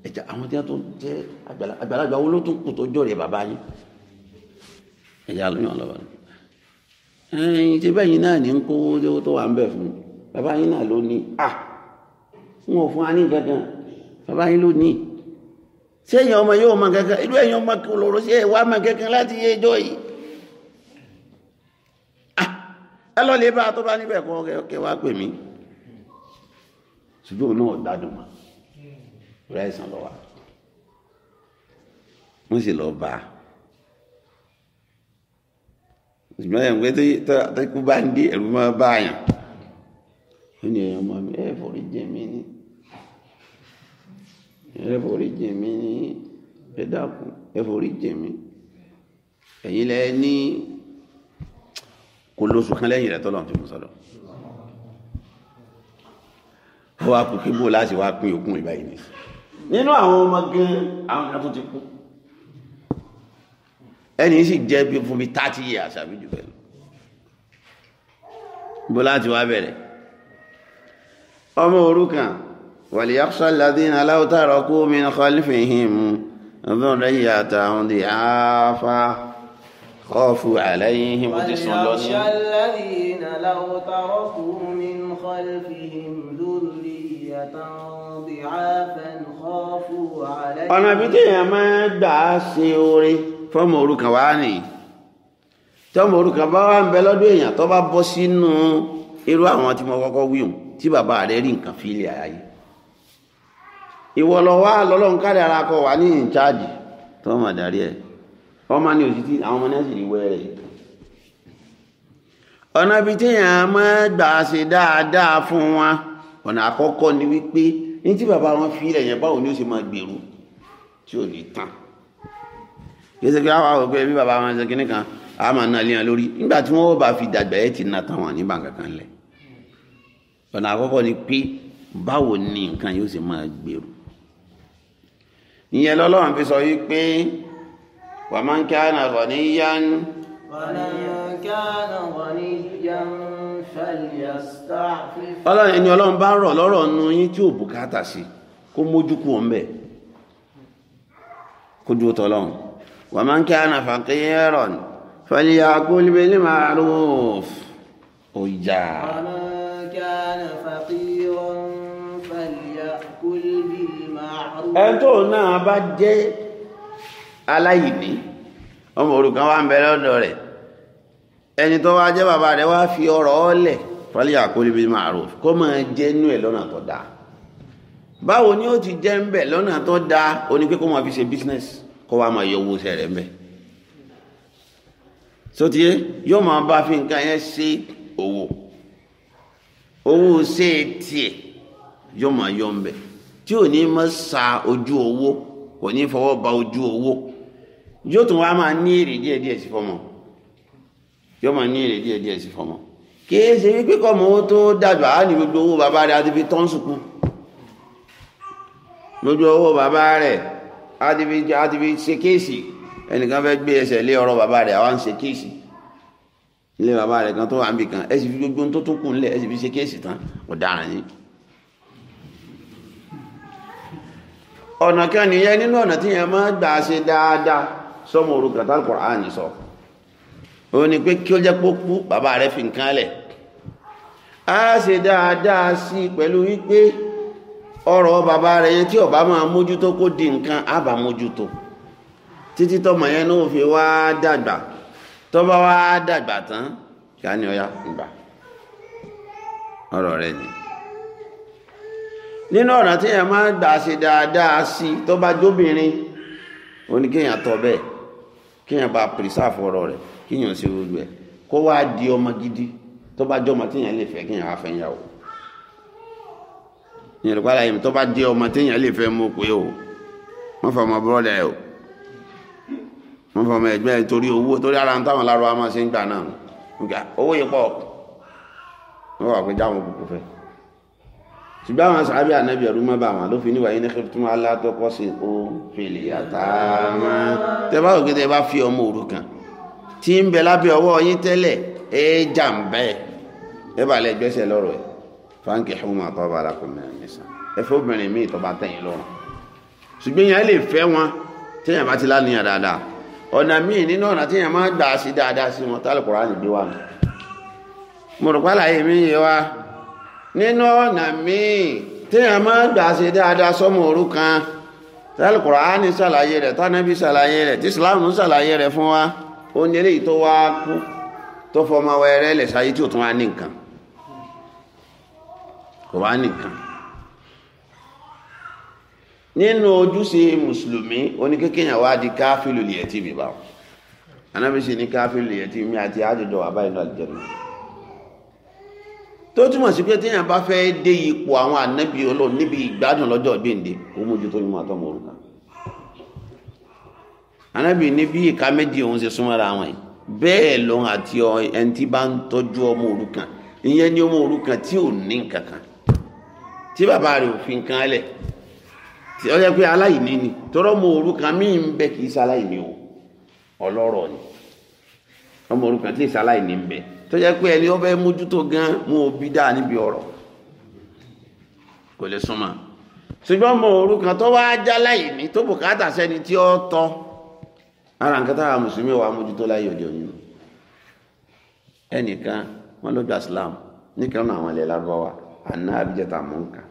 ẹ̀jẹ̀ àwọn tí wọ́n tó jẹ́ àgbàlagbà wo ló tún kù tó jọ̀rẹ̀ bàbá yín ẹ̀jẹ̀ àlùyàn lọ́wọ́ ẹ̀yìn tí bẹ́yìn náà ní ń kówó tó wà ń bẹ̀ fún bàbá yín náà ló ní à wọn ò fún wa ní kankan bàbá yín ló ní sẹ́yìn ọmọ yóò mọ kankan ìlú ẹ̀yìn ọmọ kò lọ́rọ̀ sí ẹ̀ mọ kankan láti yé ẹjọ́ yìí ẹ lọ lè bá tó bá níbẹ̀ kọ́ kẹ́ wá pè mí ṣùgbọ́n náà gbádùn mọ́ rẹ̀ ẹ̀sán lọ wá wọ́n sì lọ bá ṣùgbọ́n ẹ̀ ń pẹ́ tó kú bá ń dé ẹ̀rù máa bá àyàn ó ní ẹ̀yàn máa mi ẹ̀ forí jẹ mí ní ẹ̀ forí jẹ mí ní ẹ̀ ẹ̀ forí jẹ mí ẹ̀yin lẹ́ ní kò lóṣù kan lẹ́yìn rẹ̀ tọ́lọ̀ tí mo sọ̀rọ̀ ó wá kú kí bó láti wá pín ogún ìbáyìí ní nínú àwọn ọmọ gan àwọn kan tó ti kú ẹni sì jẹ́ bí fún mi thirty years àbí jù bẹ́ẹ̀ bó láti wá bẹ̀rẹ̀ ọmọ òrukàn wàlíyàkṣà ládín aláwòtárọ̀kú min khalfihim ọdún rẹ̀ yàtà àwọn di àáfàá خافوا عليهم وتسلسل الذين لو تركوا من خلفهم ذرية ضعافا خافوا عليهم ọ̀nà bí téèyàn máa gbà á ṣe oore fọ́mọ òrukàn wá nì tọ́mọ òrukàn bá wà ń bẹ lọ́dọ̀ èèyàn tó bá bọ́ sínú irú àwọn tí mo kọ́kọ́ wí hùn tí bàbá rẹ̀ rí nǹkan fi ilé ayé ìwọ lọ wá lọ́lọ́run kárí ara kọ wà ní ìcháàjì tó mọ̀ dárí ẹ̀ ọmọ ni òsì tí àwọn ọmọ náà sì rí wẹ́rẹ̀ ọ̀nà ibi tí èèyàn máa gbà ṣe dáadáa fún wa ọ̀nà àkọ́kọ́ ni wípé ní tí bàbá wọn fi ilẹ̀ yẹn báwo ni ó ṣe máa gbèrú tí ò ní tán yóò ṣe pé àwọn àwọn òpin ẹbí bàbá wọn ṣe kínní kan a máa ni pé báwo ni nǹkan yóò ṣe máa gbèrú ìyẹn lọ́lọ́run ومن كان غنيا ومن كان غنيا فليستعفف ọlọ́run ẹni ọlọ́run bá rọ̀ lọ́rọ̀ nu yín tí ò bùkátà sí kó mójú kú òun bẹ̀ kó dúró tọ́lọ́run ومن كان فقيرا فليأكل بالمعروف ọjà. ومن كان فقيرا فليأكل بالمعروف. ẹ̀ tó náà bá jẹ́ aláìní ọmọ òrukàn wá ń bẹ lọ́dọ̀ rẹ̀ ẹni tó wá jẹ́ bàbá rẹ̀ wá fi ọrọ̀ ọlẹ̀ fọlẹ́ àkólé bíi màrò kó máa jẹ́ inú ẹ̀ lọ́nà tó dáa báwo ni ó ti jẹ́ ń bẹ̀ lọ́nà tó dáa ó ní pé kó máa fi ṣe business kó wá máa yọ owó iṣẹ́ rẹ̀ ń bẹ̀ sotie yóò máa bá fi nǹkan yẹn ṣe owó owó ṣe tiẹ̀ yóò máa yọ ń bẹ̀ tí ò ní máa sa ojú owó kò ní fọwọ́ ba ojú owó yóò tún wá máa ní èrè díẹ̀ díẹ̀ sí fọmọ yóò máa ní èrè díẹ̀ díẹ̀ sí fọmọ kìí ṣe wípé kọmọ owó tó dàgbà á ní gbogbo owó bàbá rẹ̀ àti fi tán sùkú gbogbo owó bàbá rẹ̀ àti fi ṣe kéèsì ẹnìkan fẹ́ gbé ẹsẹ̀ lé ọ̀rọ̀ bàbá rẹ̀ àwọn ṣe kéèsì ilé bàbá rẹ̀ kan tó wà níbi kan ẹ sì fi gbogbo tó tó kù nílẹ̀ ẹ sì fi ṣe kéèsì tán ọ̀daràn yìí ọ̀nà kan nìyẹn nínú ọ̀nà tí yẹn máa gbà ṣe dáadáa sọmọ orúkọ tá al sọ ó ní pé kí ó jẹ́ pó bàbá rẹ fi nǹkan lẹ̀ a ṣe dáadáa sí pẹ̀lú wípé ọrọ̀ bàbá rẹ̀ tí ọba máa mójútó kó di nǹkan mójútó títí tọmọ yẹn náà tọba wá dàgbà tán ní ọya ìgbà nínú ọ̀nà tí èèyàn máa ń gbà ṣe dáadáa sí tó bá kíyàn bá pírísàfù ọ̀rọ̀ rẹ̀ kíyàn sí ojú ẹ̀ kó wá di ọmọ gidi tó bá jọmọ tíyàn lè fẹ́ kíyàn wá fẹ́ yà o ìyẹn lè pàdé àyẹ̀mí tó bá jẹ́ ọmọ tíyàn lè fẹ́ mú pé o wọ́n fọ ọmọ bọ́ọ̀lẹ̀ o wọ́n fọ ọmọ ẹ̀gbẹ́ torí owó torí ara ń táwọn lárúbáwá máa ṣe ń gbà náà owó yìí pọ̀ wọ́n wà pé jáwọn òkùnkùn fẹ́ ṣùgbọ́n àwọn sàábì ànábì ẹ̀rú mọ́ bá wọn ló fi níwáyé ní kíkọ́ máa látọ́kọ́ sí ó fèlè àtàmà tẹ́ bá òkè tẹ́ bá fi ọmọ òrukàn tí ń bẹ lábẹ́ ọwọ́ yín tẹ́lẹ̀ ẹ jà ń bẹ́ ẹ bá lẹ gbẹ́sẹ̀ lọ́rọ̀ ẹ̀ fáńkì ẹ̀húnmọ́ àtọ́ba alákùnrin nìsan ẹ fẹ́ obìnrin míì tọ́ba tẹ̀yìn lọ́rùn ṣùgbọ́n yẹn lè fẹ́ wọn tẹ́yìn bá ti lánìyàn dáadáa ọ̀nà nínú ọ̀nà míì tí a máa gbà ṣe dáadáa sọ́mọ òrukàn Al-Qur'ani ṣàlàyé rẹ̀ tánàbí ṣàlàyé rẹ̀ tí Islam ṣàlàyé rẹ̀ fún wa ó ní eléyìí tó wá kú tó fọmọ wẹrẹ lẹ̀ sáyé tí ò tún wá ní nǹkan kò wá ní nǹkan nínú ojúṣe mùsùlùmí oníkékèyàn wá di káfílù lìyẹtì mi báwọn anábìsí ní káfílù lìyẹtì mi àti àjọjọ wà báyìí lọ àjẹmọ tó túmọ̀ sí pé téèyàn bá fẹ́ dé ipò àwọn níbi ìgbádùn lọ́jọ́ kó tó yún ní bí ìka méjì òun ṣe súnmọ́ra àwọn yìí bẹ́ẹ̀ tí bá ń tọ́jú ọmọ ìyẹn ni ọmọ òrukàn tí ò ní kankan tí bàbá rẹ̀ ò fi lẹ̀ tí ó o ọlọ́rọ̀ ni ọmọ tí ì tó jẹ́ pé ẹni ó fẹ́ mójútó gan wọn ò bí dáa níbi ọ̀rọ̀ kò lè súnmọ́ ṣùgbọ́n mọ òrukàn tó wá já láì ní tó bùkátà sẹ́ni tí ó tọ́ ara nǹkan táwa mùsùlùmí wa mójútó láyé òde òní ẹnìkan wọn ló gba Islam nìkan náà àwọn ilẹ̀ lárúbáwá àná abíjẹta mọ́ǹkà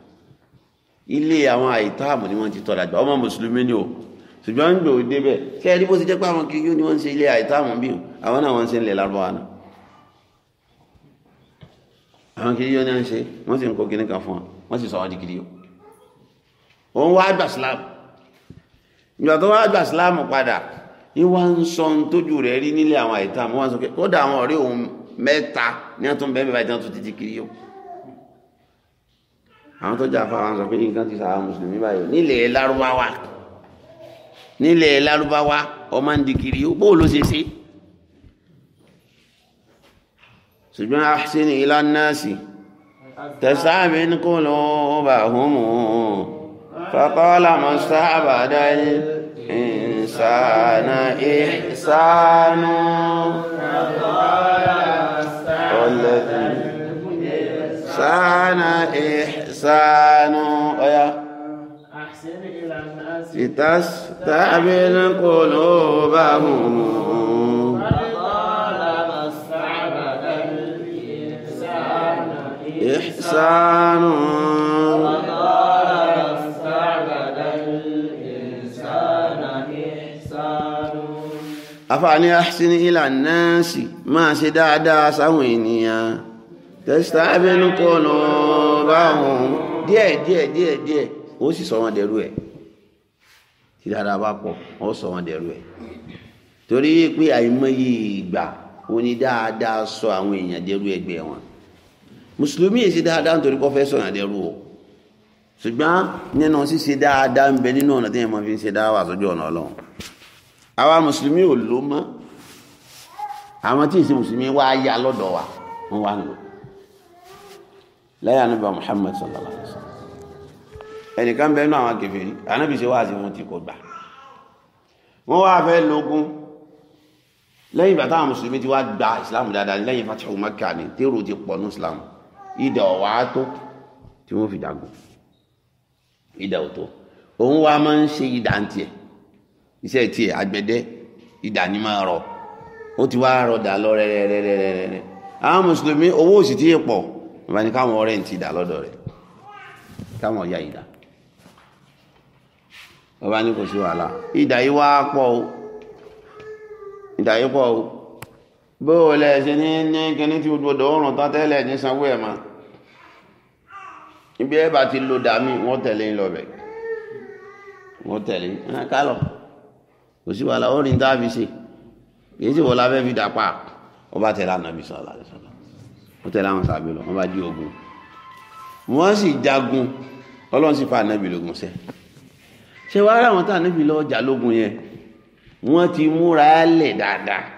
ilé àwọn àìtáàmù ni wọ́n ti tọ́ dàgbà ọmọ mùsùlùmí ni o ṣùgbọ́n ń gbòó débẹ̀ ṣé ẹni bó ti jẹ́ pé àwọn kiri yóò ni wọ́n ń ṣe ilé àìtáàmù bí àwọn náà wọ́n ń ṣe ilẹ̀ lárúbáwá náà àwọn kiri yóò ní à ń ṣe wọ́n sì ń kó kíní kan fún wa wọ́n sì sọ wọ́n di kiri yóò òun wá gbà sílámù ìgbà tó wá gbà sílámù padà ìwà ń sọ ń tójú rẹ̀ rí nílé àwọn àìtààmú wọn sọ pé kódà àwọn ọ̀rẹ́ òun mẹ́ta ní wọn tó ń tó ti di من أحسن إلى الناس تسعى من قلوبهم فطالما استعبد الإنسان إحسان الإنسان إحسان أحسن إلى الناس تستعبد قلوبهم الإنسان afáàní ahsin ilà náàsì máa ṣe dáadáa sáwọn ènìyàn tẹ́sítà abẹ́nú kọ́ lọ bá wọn díẹ̀ díẹ̀ díẹ̀ díẹ̀ ó sì sọ wọn dẹ̀rú ẹ̀ tí dáadáa bá pọ̀ ó sọ wọn dẹ̀rú torí pé àìmọye ìgbà ó ní sọ àwọn èèyàn dẹ̀rú ẹgbẹ́ wọn mùsùlùmí èsì dáadáa nítorí kọ́ fẹ́ sọ̀yàn dẹrú o ṣùgbọ́n nínú ṣíṣe dáadáa ń bẹ nínú ọ̀nà tí yẹn máa fi ń ṣe dáwà sójú ọ̀nà ọlọ́run àwa mùsùlùmí ò ló mọ́ àwọn tí ìṣe mùsùlùmí wá yá lọ́dọ̀ wa wọ́n wá lò lẹ́yìn anábà Muhammad sallallahu alayhi wa sallam ẹnìkan bẹ́ẹ̀ nú àwọn kèfèrí anábì ṣe wáàsí wọn ti kò gbà wọ́n wá fẹ́ lógún lẹ́yìn bàtà àwọn mùsùlùmí ti wá gba ìsìlámù dáadáa lẹ́yìn fatihu Makkah ni tèrò ti pọ̀ ní ìsìlámù ìdà ọ̀wá tó tí wọ́n fi jagun ìdà ọ̀tọ̀ òun wa máa ń ṣe ìdà ń iṣẹ́ ni ma rọ ó ti wá rọ dà lọ rẹ́rẹ́rẹ́rẹ́rẹ́ àwọn mùsùlùmí owó òsì tí yẹ pọ̀ ìbá ní káwọn ọ̀rẹ́ ti dà lọ́dọ̀ rẹ̀ káwọn ọ̀yà ìdà ọba ní kò sí wàhálà ìdà yìí wá pọ̀ ìdà yìí pọ̀ bó o lẹ ṣe ní ní kíní tí gbogbo ọrùn tán tẹ́lẹ̀ ní sanwó ẹ̀ ma ibi ẹ bá ti lo dàmí wọ́n tẹ̀lé ń lọ́bẹ̀ wọ́n tẹ̀lé ń kálọ̀ kò sí wàhálà ó rìn tá a fi ṣe kìí sì wọlá fẹ́ fi dà pa wọ́n bá tẹ̀lé ànábì sọ̀rọ̀ àti sọ̀rọ̀ wọ́n tẹ̀lé àwọn sàbí lọ wọ́n bá jí ogun wọ́n sì jagun ọlọ́run sì fa ànábì lógun sẹ́ ṣé wàá wọn tá ànábì lọ́ọ́ jà lógun yẹn wọ́n ti múra lẹ̀ dáadáa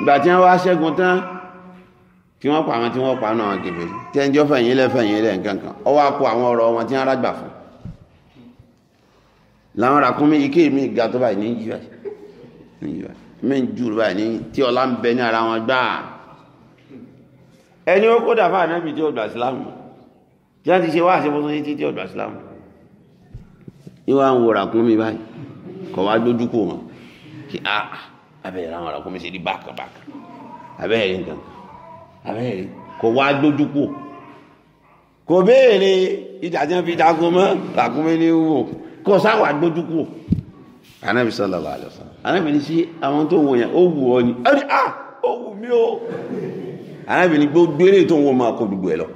ìgbà tí wọ́n wá ṣẹ́gun tán tí wọ́n pa àwọn tí wọ́n pa náà gèbè tí ẹnjọ́ fẹ̀yìn lẹ́ fẹ̀yìn lẹ́ nǹkan kan ọ wá kó àwọn ọ̀rọ̀ wọn tí wọ́n rágbà fún làwọn ràkúnmí ike mi ga tó báyìí ní yíyá ní yíyá mi ń jù báyìí ní tí ọlá ń bẹ ní ara wọn gbáà ẹni ó kó dàfà ànábì tí ó gbà sílámù tí wọ́n ti ṣe wá àṣepọ̀tún sí tí ó gbà sílámù ìwà ń wo ràkúnmí báyìí kọ̀ wá dójú kò wọn kí áà ah, abẹ́rẹ́ àwọn ọ̀rọ̀ kọ́mi ṣe rí bákàbákà abẹ́rẹ́ nǹkan abẹ́rẹ́ kò wá dójú kù kò béèrè ìdájọ́ fi jagun mọ́ làkúnmí ní wò kò sáwà dójú kù anabi sallallahu alaihi wasallam anabi ní sí àwọn tó ń wọnyà ó wù ọ ni ó ní à ah, ó wù mí o anabi ní gbogbo eré tó ń wọ máa kó gbogbo ẹ lọ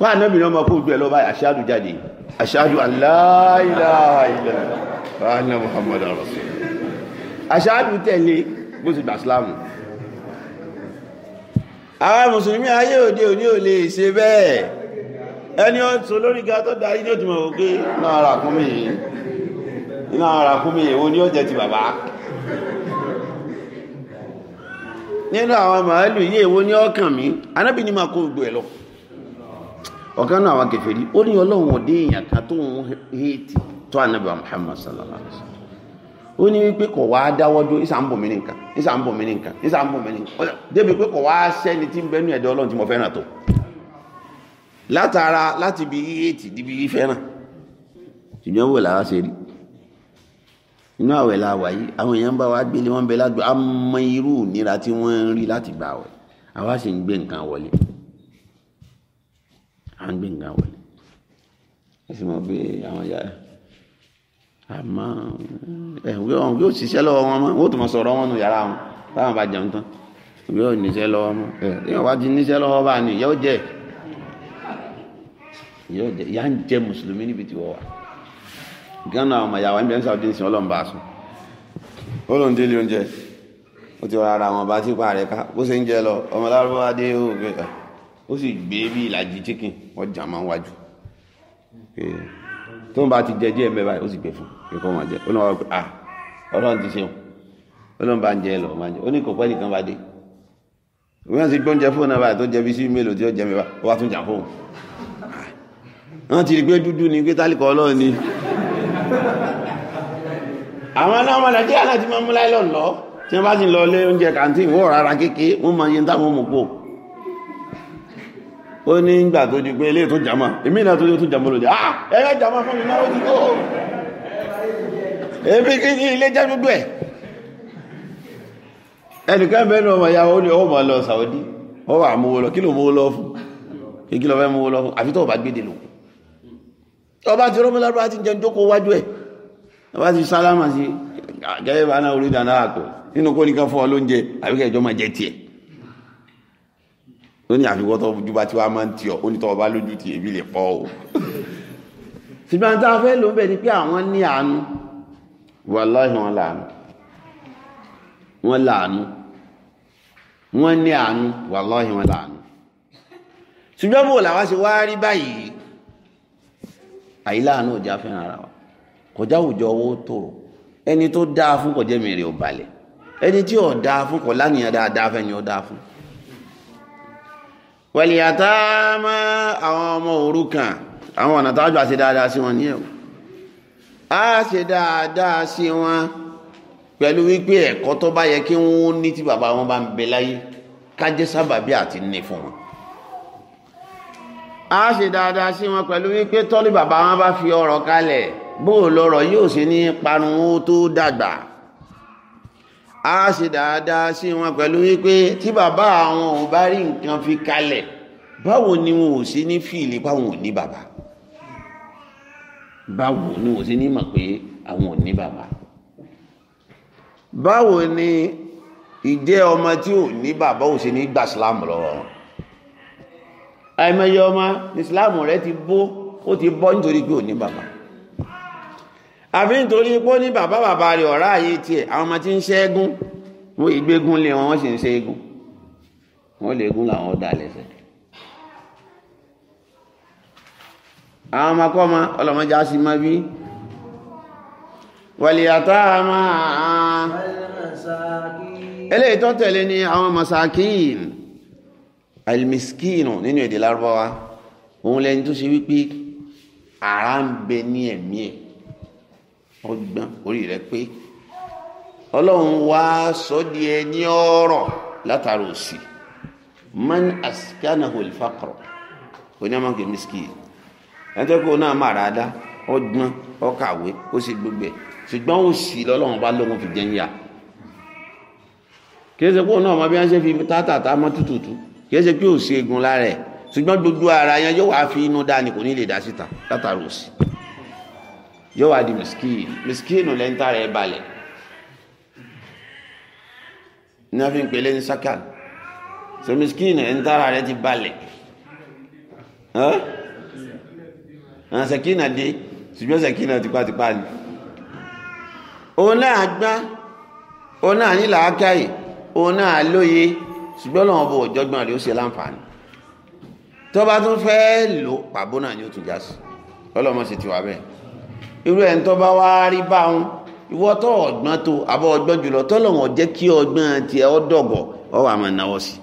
wọn anabi ní wọn máa kó gbogbo ẹ lọ báyìí aṣáájú jáde aṣáájú aláìláìlá wa anna muhammadu rasul aṣáájú tẹ̀lé bó ti gbà sílámù àwọn mùsùlùmí ayé òde òní ò lè ṣe bẹ́ẹ̀ ẹni ó tún lórí ga tó darí ní òtùmọ̀ òkè iná ara kúmí iná ara kúmí èwo ni ó jẹ ti bàbá nínú àwọn màálù yìí èwo ni ó kàn mí anábì ni máa kó gbogbo ẹ̀ lọ ọ̀kan náà àwọn kèfèrí ó ní ọlọ́run ọ̀dẹ́ èèyàn kan tó ń hẹ́ẹ̀tì tó ànábì Muhammad sallallahu alaihi wasallam ó ní wípé kò wá dáwọ́dó ìsàmbòmí nìkan ìsàmbòmí nìkan ìsàmbòmí nìkan débi pé kò wá sẹ́ni tí ń bẹ́nu ẹ̀dọ́ ọlọ́run tí mo fẹ́ràn tó látara láti bí yíyéètì díbi yí fẹ́ràn ṣùgbọ́n wò láwa ṣe rí inú àwẹ̀ la wà yìí àwọn èèyàn bá wa gbélé wọn bẹ ládùú àmọ́ irú ìnira tí wọ́n ń rí láti gbà wẹ̀ àwa sì ń gbé nǹkan wọlé à ń gbé nǹkan wọlé ẹ sì mọ̀ pé àwọn yàrá àmọ́ e eh, yóò ṣiṣẹ́ lọ́wọ́ wọn mọ́ wọn nù yàrá wọn bá jẹun tán eh, yóò wá ti bá ní yóò yóò ń mùsùlùmí níbi tí wà gánà ọmọ ìyàwó ẹ̀mí ẹ̀ńsà òdì ìsìn sùn ó lóun délé oúnjẹ ó ti rárá bá ti pa ká bó ṣe ń jẹ lọ ọmọ lárúbáwá dé ó sì gbé bí ìlàjì chicken wọ́n jà tó ń bá ti jẹ díẹ̀ mẹ́bàá ó sì gbé fún kíkọ́ máa jẹ ọlọ́run wá pé ah ọlọ́run ti ṣeun ọlọ́run bá ń jẹ lọ máa jẹ ó ní kò pẹ́ nìkan bá dé wọ́n ti gbọ́njẹ fóònù náà báyìí tó jẹ bí sí mélòó tí ó jẹ mẹ́bàá ó wá tún jà fóònù wọ́n ti rí pé dúdú ni pé tálíkọ̀ ọlọ́run ni àwọn aláwọ̀ nàìjíríà náà ti máa mú láìlọ́ọ̀ lọ tí wọ́n bá ti lọ lé oúnjẹ kàǹtì wọ́n rárá kékeré wọ́n máa yẹ ń táwọn mú pò ó ní ìgbà tó di pé ilé tó jama èmi náà tó tó jama lòdì ah ẹ̀yà jama fún mi náà ti tó èmi kí ní ilé jẹ́ gbogbo ẹ̀ ẹnìkan bẹ́ẹ̀ ni ọmọ ìyá ó ní ọmọ lọ Saudi ó wà mú lọ kí ló mú lọ fún kí ló fẹ́ mú lọ fún àfi tó bá gbédè lò ọba ti rọ́mọ lárúbá ti jẹun jókòó wájú ẹ̀ ọba ti sálámà sí gẹ́gẹ́ bá náà orí dáná àkọ́ nínú kó nìkan fún ọ lóúnjẹ àbíkẹ́ ìjọ máa jẹ tiẹ̀ ó ní àfikún tó ojú bá tí wàá máa ń tì ọ ó ní tọ́ ọba lójú ti èmi lè pọ̀ o. ṣùgbọ́n tá a fẹ́ ló ń bẹ̀ ni pé àwọn ní àánú wàláhì wọn làánú wọn làánú wọn ní àánú wàláhì wọn làánú. ṣùgbọ́n bò làwa ṣe wá rí báyìí àyíláàánú ò já fẹ́ràn ara wa kọjá òjò owó tòrò ẹni tó dáa fún kọjá mèrè ò balẹ̀ ẹni tí ò dáa fún kọ lánìyàn dáadáa fẹ́ni ò dáa fún wẹ̀lìyàtá mọ́ àwọn ọmọ òrukàn àwọn ọ̀nà tájọ́ àṣẹ dáadáa sí wọn ní ẹ̀wọ̀ a ṣe dáadáa sí wọn pẹ̀lú wípé ẹ̀kọ́ tó bá yẹ kí wọ́n ní tí bàbá wọn bá ń bẹ láyé kájẹ́ sábàbí àti ní fún wọn a ṣe dáadáa sí wọn pẹ̀lú wípé tọ́lú bàbá wọn bá fi ọrọ̀ kalẹ̀ bóò lọ́rọ̀ yóò ṣe ní parun ó tó dàgbà a ṣe dáadáa sí wọn pẹ̀lú wípé tí bàbá àwọn ò bá rí nǹkan fi kalẹ̀ báwo ni wọn ò sí ní fìlì báwọn ò ní bàbá báwo ni wọn ò sí ní mọ̀ pé àwọn ò ní bàbá báwo ni ìjẹ́ ọmọ tí ò ní bàbá ò sí ní gbà sílámù lọ́wọ́ wọn àìmọye ọmọ ní sílámù rẹ ti bó ó ti bọ́ nítorí pé ò ní bàbá àbí nítorí pé ó ní bàbá bàbá rẹ̀ ọ̀rá ayé tiẹ̀ àwọn ọmọ tí ń ṣẹ́gun wọ́n ìgbégun lé wọn wọ́n sì ń ṣẹ́gun wọ́n lè gún làwọn ọ̀dà lẹ́sẹ̀. àwọn ọmọkọ́mọ ọlọ́mọdé á sì bí wàlìyàtọ̀ àmà eléyìí tó tẹ̀lé ní àwọn masakin almiskinu nínú èdè lárúbáwá òun lẹni tó ṣe wípé ara ń bẹ ní ẹ̀mí ẹ̀ ọgbọ́n orí rẹ pé ọlọ́run wá sọ́dí ẹ ní ọ̀rọ̀ látara òsì man asikana olùfakọ̀rọ̀ onímọ̀kè mísíkì ẹ̀ńtẹ́ kó náà má ràdá ọgbọ́n ọkàwé ó sì gbogbo ẹ̀ ṣùgbọ́n òsì lọ́lọ́run bá lóhun fi jẹun yá kìí ṣe pé òun náà ọmọ bí wọ́n ṣe fi tátàtà mọ́ tútùtù kìí ṣe pé òsì egun lára ẹ̀ ṣùgbọ́n gbogbo ara yẹn yóò wá fi inú dáa ni kò ní lè dá síta látara òsì yóò wá di miskin miskin lẹ́ńtà rẹ̀ balẹ̀ ní wọ́n fi ń pèlè ní sakal so miskin ẹ̀ńtà rẹ̀ ti balẹ̀ ẹ̀ sẹ̀kínà dé ṣùgbọ́n sẹ̀kínà tipátipá ni òun náà gbá òun náà ní làákàyè òun náà lóye ṣùgbọ́n lọ́wọ́ bò jọ́gbọ́n rẹ̀ ó ṣe láǹfààní tó bá tún fẹ́ lò pàbó náà ni ó tún já sí ọlọ́mọ sì ti wà bẹ́ẹ̀ irú ẹ̀ ń tọ́ bá wá rí bá wọn ọ̀gbọ́n tó àbọ̀ jùlọ tọ́lọ̀wọ̀n jẹ́ kí ọgbọ́n ti ẹ̀ ọ́dọ̀gọ̀ ọ wà máa náwọ́ sí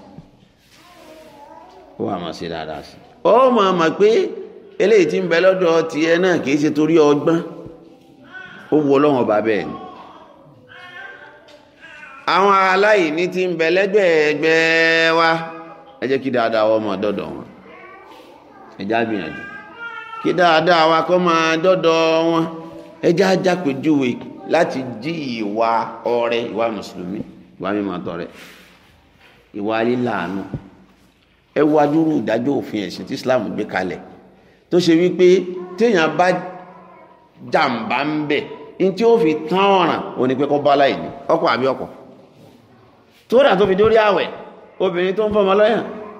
wà máa ṣe dáadáa sí ọ mọ̀ pé eléyìí ń bẹ lọ́dọ̀ ti ẹ náà kì ni àwọn aláìní ń bẹ lẹ́gbẹ̀ẹ́gbẹ́ wa ẹ jẹ́ kí dáadáa wọ́n mọ̀ dọ́dọ̀ wọn ẹ já kí dáadáa wa kọ́ máa dọ́dọ̀ wọn ẹjá jápèjúwe láti jí ìwà ọrẹ ìwà mùsùlùmí ìwà mímọ́ tọrẹ ìwà lílàánú ẹ wá dúró ìdájọ́ òfin ẹ̀sìn tí Islam gbé kalẹ̀ tó ṣe wípé téèyàn bá jàǹbá ń bẹ̀ ní tí ó fi tán ọ̀ràn òní pé kó bá láì ní ọkọ̀ àbí ọkọ̀ tó dà tó fi dórí àwẹ̀ obìnrin tó ń fọmọ lọ́yàn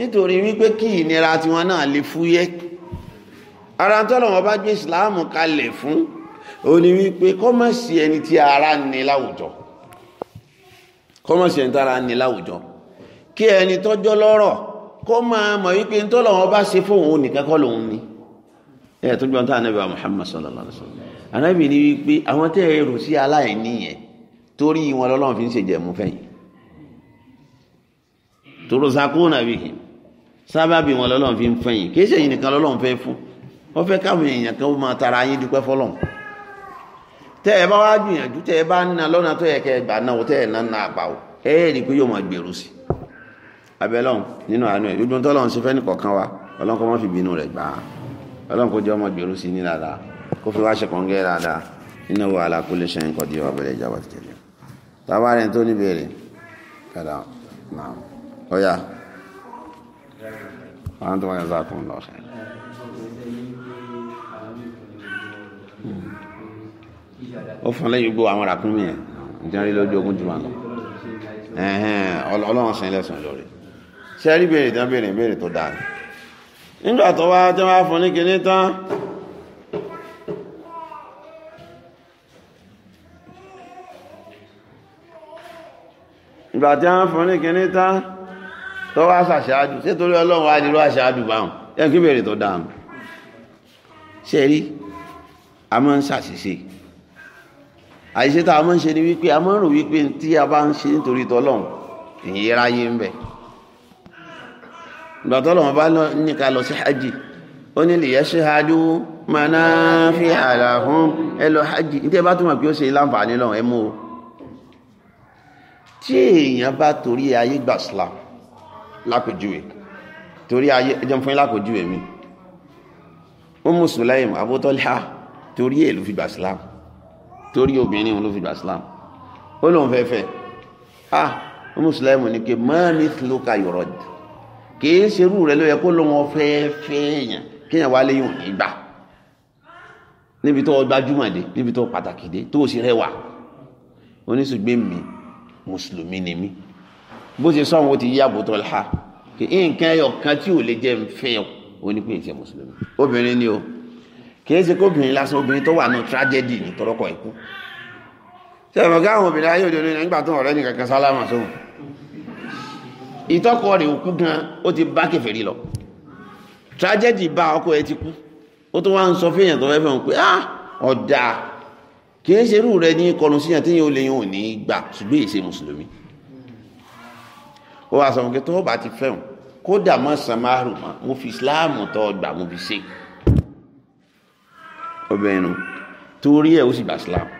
nítorí wípé kí ìnira tiwọn náà lè fúyẹ́ ara tọ́lọ̀ wọn bá gbé ìsìláàmù kalẹ̀ fún ó ní wípé kọ́mọ̀sí ẹni tí ara ní láwùjọ kọ́mọ̀sí ẹni tí ara ní láwùjọ kí ẹni tọ́jọ́ lọ́rọ̀ kó máa mọ̀ wípé tọ́lọ̀ wọn bá ṣe fóun ó lòun ni ẹ̀ tó gbọ́n tá ànábì wa Muhammad sallallahu alaihi wasallam ànábì ní wípé àwọn tẹ́ ẹ rò sí aláìní yẹn torí wọn lọ́lọ́run fi ń ṣèjẹ̀mú fẹ́yìn torozakuna bihim sábàbí wọn lọ́lọ́run fi ń fẹ́ kì í ṣe yín nìkan lọ́lọ́run fẹ́ fún káwọn èèyàn kan tara yín dúpẹ́ fọ́lọ́run tẹ ẹ bá wá gbìyànjú tẹ́ ẹ bá ná lọ́nà tó yẹ kẹ́ gbà náà ẹ o ẹ ẹ rí i pé yóò máa gbèrú sí i nínú àánú wa fi bínú gbà á jẹ́ ọmọ gbèrú sí wa ṣe di ìjà wà tẹ̀lé tó وأنتم وجزاكم الله خير ó fún lẹ́yìn gbogbo àwọn ràkúnmí yẹn ìjọba rí lójú ogun jùmọ̀ lọ ọlọ́run sẹ́yìn lẹ́sùn lórí ṣe rí béèrè tán béèrè béèrè tó dáa nígbà tó wá tí wọ́n á fún ní kinní tán ìgbà tó wá ṣàṣáájú ṣé torí ọlọ́run wá nílò àṣáájú báwọn ẹ kí bèrè tó dáhùn ṣe rí a máa ń ṣàṣìṣe àṣìṣe tá a máa ń ṣe ni wípé a máa ń rò wípé tí a bá ń ṣe nítorí tọlọ́run ìyẹn ráyé ń bẹ ìgbà tọlọ́run bá ní ká lọ sí hajj ó ní lìyẹ ṣe hajj mana fi àlà fún ẹ lọ hajj ní tẹ́ bá túmọ̀ pé ó ṣe láǹfààní lọ́hùn ẹ mú o tí èèyàn bá torí ayé gbà sílámù lápèjúwe torí ayé ẹjọ́ fún yín lápèjúwe mi Ummu Sulaim Abu Talha torí ẹ̀ ló fi gbà Islam torí obìnrin òun ló fi gbà Islam ó lóun fẹ́ fẹ́ ah Ummu Sulaim ní kí mọ́ni lóka yọ̀rọ̀ kìí ṣerú rẹ̀ ló yẹ kó lóun fẹ́ fẹ́ èèyàn kéèyàn wá léyìn òní níbi tó gbajúmọ̀ dé níbi tó pàtàkì dé tó sì rẹwà oníṣùgbé mi mùsùlùmí ni mí bó ṣe sọ̀hún ó ti yá bùtọ̀ la nǹkan ẹyọ kan tí ò lè jẹ́ ń fẹ́ ọ onípe ìṣe mùsùlùmí obìnrin ni o kìí ṣe kóbìnrin lásán obìnrin tó wà ní tragedy ní tọrọkọ ikú sẹ́wọ̀n gáwọn obìnrin ayé òde òní nígbà tó ọ̀rẹ́ nìkan kan sálámà sóhun ìtọ́kọ rẹ̀ òkú gan ó ti bá kèfèrí lọ tragedy bá ọkọ ẹ ti kú ó tún wá ń sọ fẹ́yàn tó fẹ́fẹ́ wọn pé ah ọ̀dà kìí ṣerú rẹ ní kọlùsíyàn tí yóò lè yóò ní gbà ṣùgbọ́n ìṣe ó wá sọ pé tó o bá ti fẹ́ wọn kódà mọ́ san márùn mọ́ mo fi ìsìláàmù tó o gbà mo fi ṣe obìnrin nu torí ẹ̀ ó sì gbà ìsìláàmù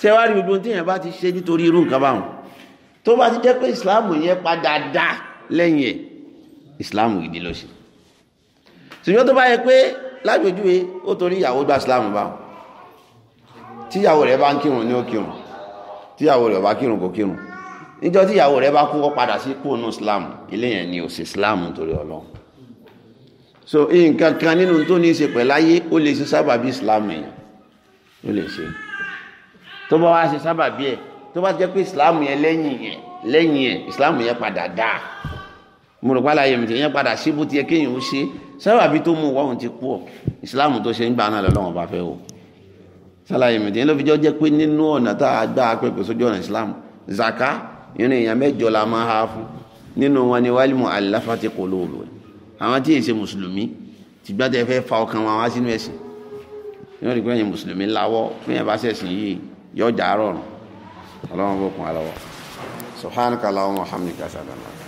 ṣé wàá rí gbogbo tí yẹn bá ti ṣe nítorí irú nǹkan báwọn tó bá ti jẹ́ pé ìsìláàmù yẹn padà dá lẹ́yìn ẹ̀ ìsìláàmù gidi ló ṣe ṣùgbọ́n tó bá yẹ pé lágbèjúwe ó torí ìyàwó gba ìsìláàmù báwọn tíyàwó rẹ̀ bá ń kírun ní ó kírun tíyàwó rẹ̀ bá kírun kò kírun níjọ́ tí ìyàwó rẹ̀ bá kú padà sí kóònù islam ilé yẹn ni ò sí islam torí ọlọ́run so nǹkan kan nínú tó ní í ṣe pẹ̀láyé ó lè ṣe sábàbí islam yẹn ó lè ṣe tó bá wá ṣe sábàbí ẹ̀ tó bá jẹ́ pé islam yẹn lẹ́yìn yẹn lẹ́yìn ẹ̀ islam yẹn padà dáa mo rò pálá yẹmìtì yẹn padà síbú tiẹ̀ kéèyàn ó ṣe sábàbí tó mú wọ́n ti kú ọ islam tó ṣe ń gbà náà lọ́wọ́n bá fẹ́ o sálàyé mìtì yẹn ló fi jọ́ jẹ́ pé nínú ọ̀nà tá a gbá pẹ̀pẹ̀ sójú ọ̀nà islam zaka irun èèyàn mẹ́jọ la máa ha fún nínú wọn ni wálìmù aláfàtì kòlóòlù àwọn tí èsè mùsùlùmí tìgbọ́n tẹ fẹ́ fa ọkàn wọn wá sínú ẹ̀sìn yóò rí pé ẹ̀yin mùsùlùmí láwọ́ fún yẹn bá ṣẹ̀sìn yìí yóò jà ọlọ́run bó kún alọ́wọ́ subhanaka allahumma wa hamdika